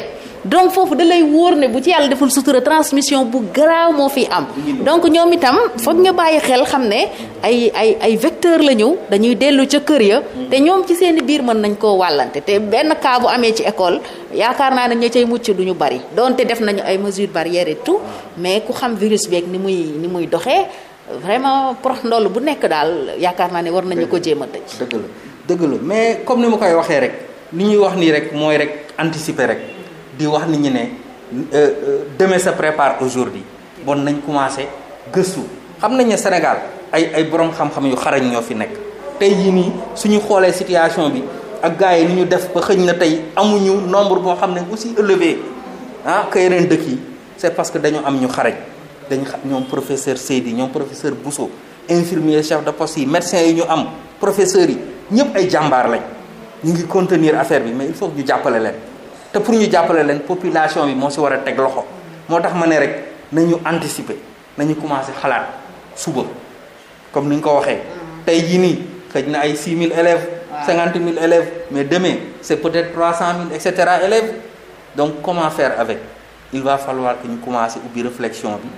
donc foofu da lay wóor ne bu ci yàlla deful sutura transmission bu garaaw moo fi am. donc ñoom itam foog nga bàyyi xel xam ne ay ay ay vecteur la ñëw dañuy dellu ca kër ya. te ñoom ci seen biir mën nañ koo wàllante te benn cas amee ci école yaakaar naa ne ña cay mucc du ñu bari donte def nañu ay mesures barrières et tout mais ku xam virus beeg ni muy ni muy doxee. vraiment prox ndoll bu nekk daal yaakaar naa ne war nañu ko jéem a tëj. dëgg la dëgg la mais comme ni ma koy waxee rek li ñuy wax nii rek mooy rek anticiper rek. di wax ni ñu ne euh, euh, demain se prépare aujourd'hui bon nañ commencé gëstu xam nañ ne Sénégal ay ay borom xam-xam yu xarañ ñoo fi nekk tey jii nii su ñu xoolee situation bi ak gars yi ni ñu def ba xëñ na tey amuñu nombre boo xam ne aussi élevé ah que dëkk yi c'est parce que dañu am ñu xarañ dañ xam ñoom professeur Seydi ñoom professeur Bousso infirmier chef de poste yi médecins yi ñu am professeurs yi ñëpp ay jàmbaar lañ ñu ngi contenir affaire bi mais il faut ñu jàppale leen te pour ñu jàppale leen population bi moo si war a teg loxo moo tax ma ne rek nañu anticiper nañu commencé xalaat suba comme ni nga ko waxee. Mm. tey jii nii xëj na ay 6000 élèves. waaw mille élèves mais demain c' peut être 300000 et cetera élèves donc comment faire avec il va falloir que ñu commencé ubbi réflexion bi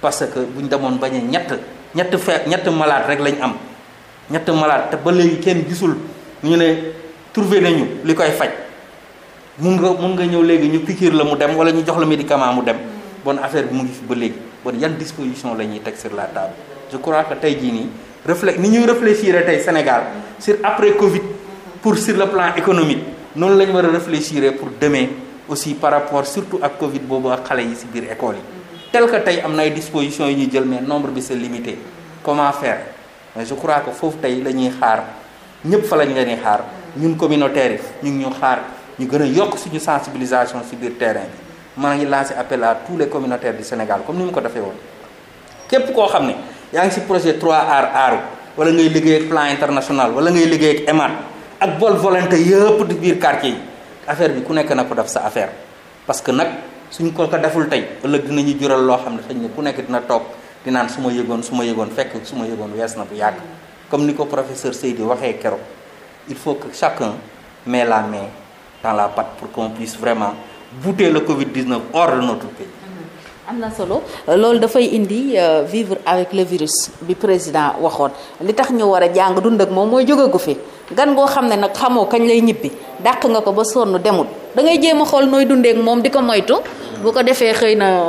parce que bu ñu demoon bañ ñett ñett fe ñett malade rek lañ am ñett malaat te ba léegi kenn gisul ñu ne trouvé nañu li koy faj. mun nga mun nga ñëw léegi ñu piqûre la mu dem wala ñu jox la médicament mu dem bon affaire bi mu ngi fi ba léegi bon yan disposition la ñuy teg sur la table je crois que tey jii nii reflé ni ñuy réfléchir tey Sénégal sur après Covid pour sur le plan économique noonu la ñu war a réfléchir pour demain aussi par rapport surtout ak Covid boobu ak xale yi si biir école yi tel tey am na ay dispositions yu ñuy jël mais nombre bi c'est limité comment faire mais je crois que foofu tey la xaar ñëpp fa la ñu leen xaar ñun communautaire ñu ngi ñu xaar. ñu gën a yokk suñu sensibilisation ci biir terrain bi maa ngi lancé appel à tous les communautaires du Sénégal comme ni mu ko defee woon képp koo xam ne yaa ngi si projet trois aar aaru wala ngay liggéey ak plan international wala ngay liggéey ak EMAD ak vol volonté yëpp di biir quartier yi affaire bi ku nekk na ko def sa affaire parce que nag suñ ko ko deful tey ëllëg dinañu jural loo xam ne xëy na ku nekk dina toog di naan su ma yëgoon su ma yëgoon fekk su ma yëgoon wees na bu yàgg comme ni ko professeur Seydi waxee keroog il faut que chacun met la main dans la patte pour qu'on puisse vraiment bouter le Covid-19 hors de noo pays. am na solo loolu dafay indi euh, vivre avec le virus bi président waxoon li tax ñu war a jàng dund moom mooy jóge gu fi gan boo xam ne nag xamoo kañ lay ñibbi dàq nga ko ba sonn demut dangay ngay jéem a xool nooy dundeek moom di ko moytu. bu ko defee xëy na euh,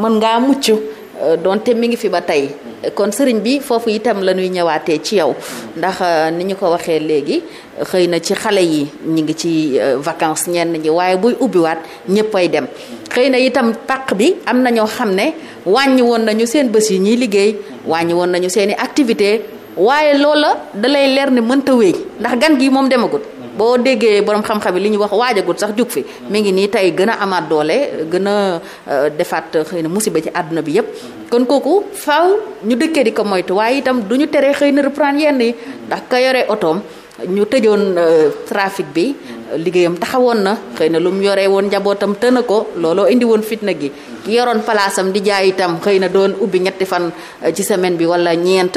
mën ngaa mucc euh, donte mi ngi fi ba tey. kon sëriñ bi foofu itam la ñuy ñëwaatee ci yow. ndax ni ñu ko waxee léegi. xëy na ci xale yi ñu ngi ci euh, vacance ñenn ñi waaye buy ubbiwaat ñëppay dem xëy na itam pàq bi am na ñoo xam ne wàññi woon nañu seen bés yi ñuy liggéey wàññi woon nañu seen i activité waaye loola dalay leer ne mënta wéy ndax gan gi moom demagut boo déggee borom xam-xam yi li ñu wax waajagut sax jug fi mi ngi nii tey gën a amaat doole gën a euh, defaat xëy na musiba ci àdduna bi yépp kon kooku faaw ñu dëkkee di ko moytu waaye itam du ñu teree xëy na reprendre yi ndax ka yore otoom ñu tëjoon euh, trafic bi euh, liggéeyam taxawoon na xëy na lu mu yoree woon njabootam tëna ko looloo indi woon fitna gi ki yoroon palaasam di jaay itam xëy na doon ubbi ñetti fan euh, ci semaine bi wala ñeent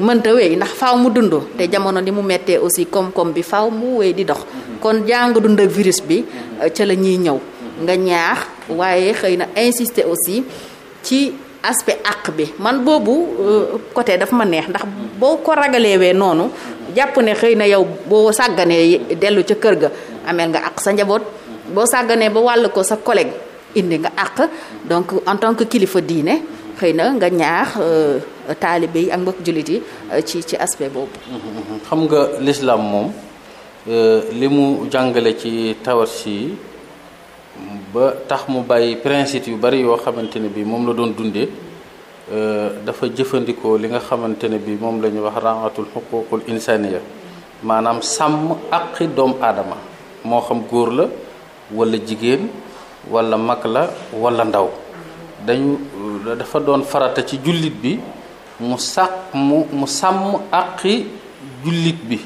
mënta wéy ndax faaw mu dund te jamono ni mu méttee aussi koom-koom bi faaw mu wéy di dox kon jàng dund ak virus bi ca la ñuy ñëw nga ñaax waaye xëy na insister aussi ci aspect àq bi man boobu côté daf ma neex ndax boo ko ragalee wee noonu jàpp ne xëy na yow boo sàgganee dellu ca kër ga ameel nga àq sa njaboot boo sàgganee ba wàll ko sa collègue indi nga àq donc en tant que kilifa diine xëy na nga ñaax euh, taalibe yi ak mbokk jullit yi euh, ci ci aspect boobu xam nga l'islam moom euh, li mu jàngale ci tawarsi yi ba tax mu bàyyi principe yu bari yoo xamante ne bi moom la doon dundee Euh, dafa jëfandikoo li nga xamante ne bi moom la wax wax raatul xuququl insaniya maanaam sàmm aqi doom aadama moo xam góor la walla jigéen walla mag la wala ndaw dañu dafa doon farata ci jullit bi mu sàq mu mu sàmm aqi jullit bi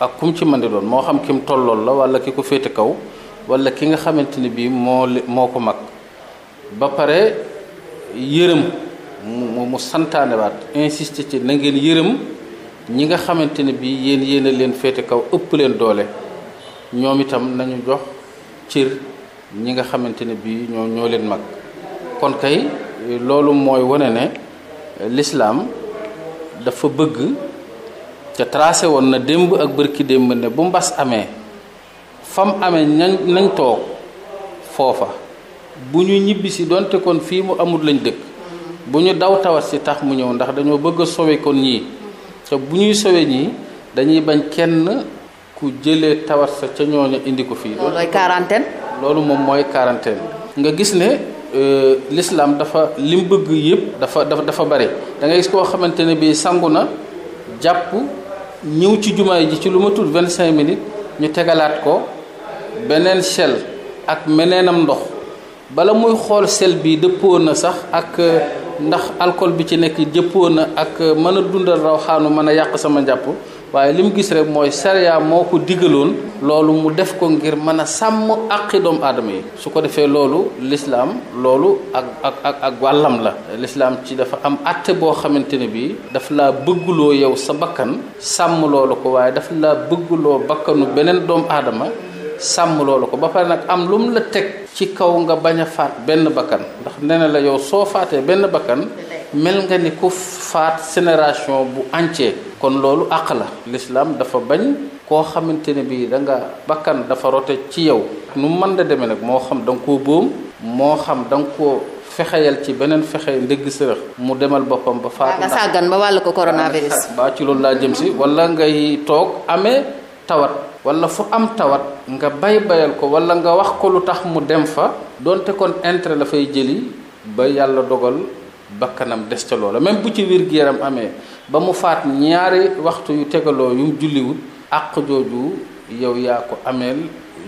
ak kum ci mën di doon moo xam ki mu tollool la wala ki ko féete kaw wala ki nga xamante ne bii moo moo ko mag ba pare yërëm mu mu santaanewaat insisté ci na yërëm ñi nga xamante ne bii yéen yéen leen féete kaw ëpp leen doole ñoom itam nañu jox cër ñi nga xamante ne bii ñoo ñoo leen mag kon kay loolu mooy wane ne lislaam dafa bëgg te tracé woon na démb ak bërki démb ne bu mbas amee fam amee nañ nañ toog foofa bu ñu ñibbisi donte kon fii mu amul lañ dëkk bu ñu daw tawat si tax mu ñëw ndax dañoo bëgg a sowe kon ñii te bu ñuy sowe ñii dañuy bañ kenn ku jëlee tawat sa ca ñooñu indi ko fii. loolu mooy loolu moom mooy quarantaine. nga gis ne. Euh, l'islam dafa lim bëgg yëpp dafa dafa dafa bari da ngay gis koo xamante ne bii sangu na jàpp ñëw ci jumaay ji ci lu ma tudd vingt cinq minutes ñu tegalaat ko beneen sel ak meneenam ndox bala muy xool sel bi dëppoon na sax ak euh, ndax alcool bi ci nekk jëppoon na ak euh, mën a dundal raw xaanu mën a yàq sama njàpp waaye li mu gis rek mooy sariya moo ko digaloon loolu mu def ko ngir mën a sàmm àqi doomu aadama yi su ko defee loolu lislaam loolu ak ak ak ak wàllam la lislaam ci dafa am àtte boo xamante ne bi daf laa bëgguloo yow sa bakkan sàmm loolu ko waaye daf laa bëgguloo bakkanu beneen doomu aadama sàmm loolu ko ba pare nag am lu mu la teg ci kaw nga bañ a faat benn bakkan ndax nee la yow soo faatee benn bakkan mel nga ni ku faat génération bu entier kon loolu àq la l'islam dafa bañ koo xamante ne bii danga bakkan dafa rote ci yow nu mën da demee nag moo xam da nga koo moo xam da nga koo fexeyal ci beneen fexe ndëgg sërëx mu demal boppam ba faatu nga ba wàll ko coronavirus baa ci loolu laa jëm si wala ngay toog amee tawat wala fu am tawat nga bay bayal ko walla nga wax ko lu tax mu dem fa donte kon intérêt la fay jëli ba yàlla dogal bakkanam des ca loola même bu ci wiir gi yaram amee ba mu faat ñaari waxtu yu tegaloo yu julliwut àq jooju yow yaa ko ameel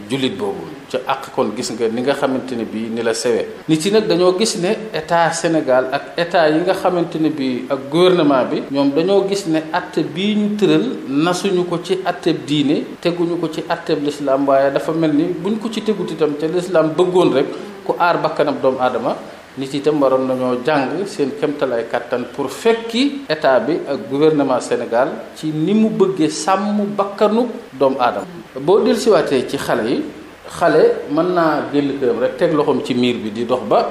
jullit boobu ci àq kon gis nga ni nga xamante ne bii ni la sewee nit yi nag dañoo gis ne état Sénégal ak état yi nga xamante ne bii ak gouvernement bi ñoom dañoo gis ne atte bii ñu tëral nasuñu ko ci atteb diine teguñu ko ci atteb lislaam waaye dafa mel ni buñ ko ci tegut itam ca lislaam bëggoon rek ku aar bakkanam doomu aadama nit itam waroon nañoo jàng seen kéemtalaay kàttan pour fekki état bi ak gouvernement senegal ci ni mu bëggee sàmm bakkanu doomu aadama boo dellusiwaatee ci xale yi xale mën naa génn këram rek teg loxoom ci miir bi di dox ba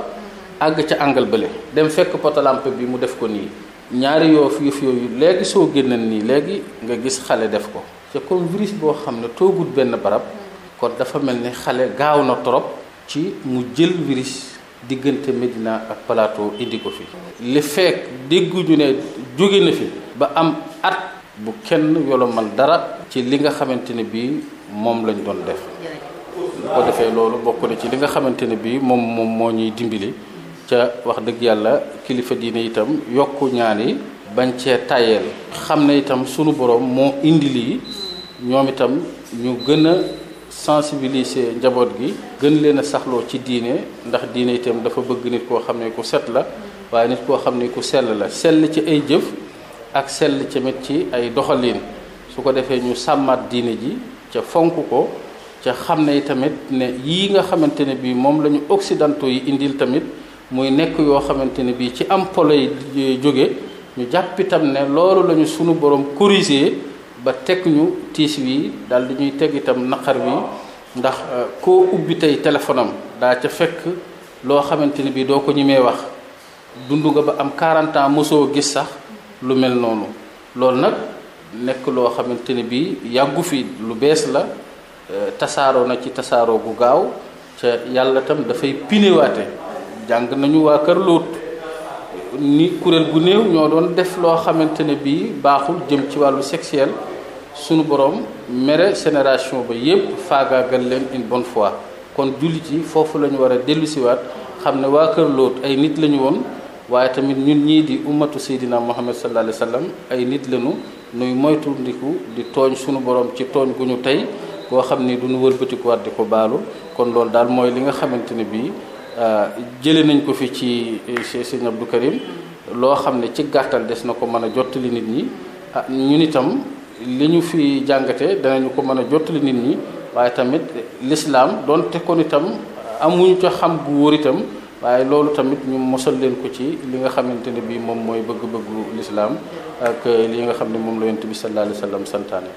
àgg ca àngal bële dem fekk potolampe bi mu def ko nii ñaari yoof yëf yooyu léegi soo génneen nii léegi nga gis xale def ko ca comme virus boo xam ne toogut benn barab kon dafa mel ni xale gaaw na trop ci mu jël virus diggante Medina ak Plateau indi ko fi. li fekk dégguñu ne jóge na fi. ba am at bu kenn yolomal dara. ci li nga xamante ne bii moom lañ doon def. ko defee loolu bokk na ci li nga xamante ne bii moom moom moo ñuy dimbali. ca wax dëgg yàlla kilifa diine itam yokku ñaan yi. bañ cee tayeel. xam ne itam sunu borom moo indi lii ñoom itam ñu gën sensibiliser njaboot gi gën leen a saxloo ci diine ndax diine itam dafa bëgg nit koo xam ne ku set la waaye nit koo xam ne ku sell la sell ci ay jëf ak sell tamit ci ay doxalin su ko defee ñu sàmmaat diine ji ca fonk ko ca xam ne tamit ne yii nga xamante ne bii moom la ñu occidentaux yi indil tamit muy nekk yoo xamante ne bii ci am polo yi jóge ñu jàpp itam ne loolu lañu sunu borom corriger ba teg ñu tiis wi daal di ñuy teg itam naqar wi ndax euh, koo ubbi tey téléphone daa ca fekk loo xamante ni bii doo ko ñemee wax dund nga ba am 40 mosoo gis sax lu mel noonu loolu nag nekk loo xamante ni bii yàggu fi lu bees la euh, tasaaroo na ci tasaaroo gu gaaw ca yàlla tam dafay pinewaate jàng nañu waa kër Lóot ni kuréel gu néew ñoo doon def loo xamante ne bii baaxul jëm ci wàllu sexuel sunu boroom mere génération ba yépp faagaagal leen une bonne fois kon jullit yi foofu la ñu war a dellusiwaat xam ne waa kër Lóot ay nit la ñu woon waaye tamit ñun ñii di ummatu seydina Muhammad sallallahu alayhi wa sallam ay nit lañu nuy moytu ndiku di tooñ sunu borom ci tooñ gu ñu tey koo xam ni du ñu wëlbatikuwaat di ko baalu kon loolu daal mooy li nga xamante ne bii. Euh, jëlee nañ ko fi ci euh, sëñ Abdou Karim loo xam ne ci gàttal des na ko mën a jottali nit ñi ah, ñun itam li ñu fi jàngate danañu ko mën a jottali nit ñi waaye tamit lislaam doonte kon itam amuñu ca xam gu wóor itam waaye loolu tamit ñu mosal leen ko ci li nga xamante ne bii moom mooy bëgg-bëggu lislaam ak euh, li nga xam ne moom la yonent bi sallallahu alayhi wa santaane.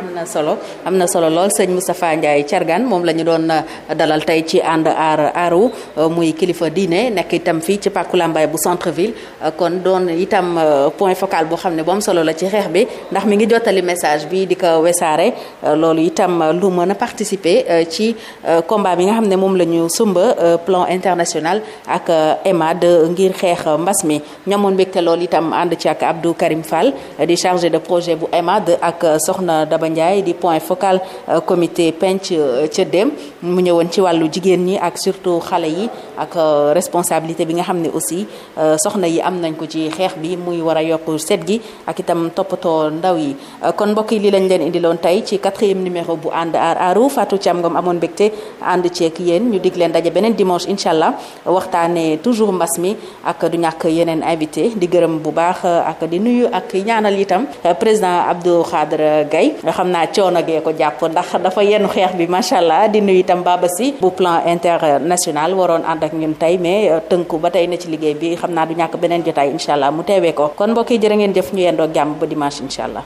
am na solo am na solo lool sëñ Moustapha Ndiaye Thiargane moom la ñu doon euh, dalal tey ci ànd aar aaru euh, muy kilifa diine nekk itam fii ci pàkku Lambaye bu centre ville kon doon itam point focal boo xam ne bu solo la ci xeex bi ndax mi ngi jottali message bi di ko wesaare loolu itam lu mën a participer ci combat bi nga xam ne moom la ñu sumba plan international ak EMAD ngir xeex mbas mi ñamoon mbégte loolu itam Karim Fall di chargé de projet bu EMAD ak euh, Soxna Daba Ndiaye di point focal euh, comité penc euh, ca mu ñëwoon ci wàllu jigéen ñi ak surtout xale yi ak responsabilité bi nga xam ne aussi soxna yi am nañ ko ci xeex bi muy war a yokk set gi ak itam toppatoo ndaw yi kon mbokk yi lii lañ leen indiloon tey ci quatrième numéro bu ànd aar aaru Fatou Thiam Ngom amoon mbégte ànd ceeg yéen ñu dig leen daje beneen dimanche incha allah toujours mbas mi ak du ñàkk yeneen ak ñaanal itam euh, président Abdou Khadre Gaye xam naa coono gee ko jàpp ndax dafa yenn xeex bi macha allah di nuyu itam Baba Sy bu plan international waroon ànd ak ñun tey mais euh, tënku ba tey na ci liggéey bi xam naa du ñàkk beneen jotaay incha allah mu teewee ko kon mbokk yi jërë ngeen jëf ñu yendoog jàmm ba dimanche incha allah.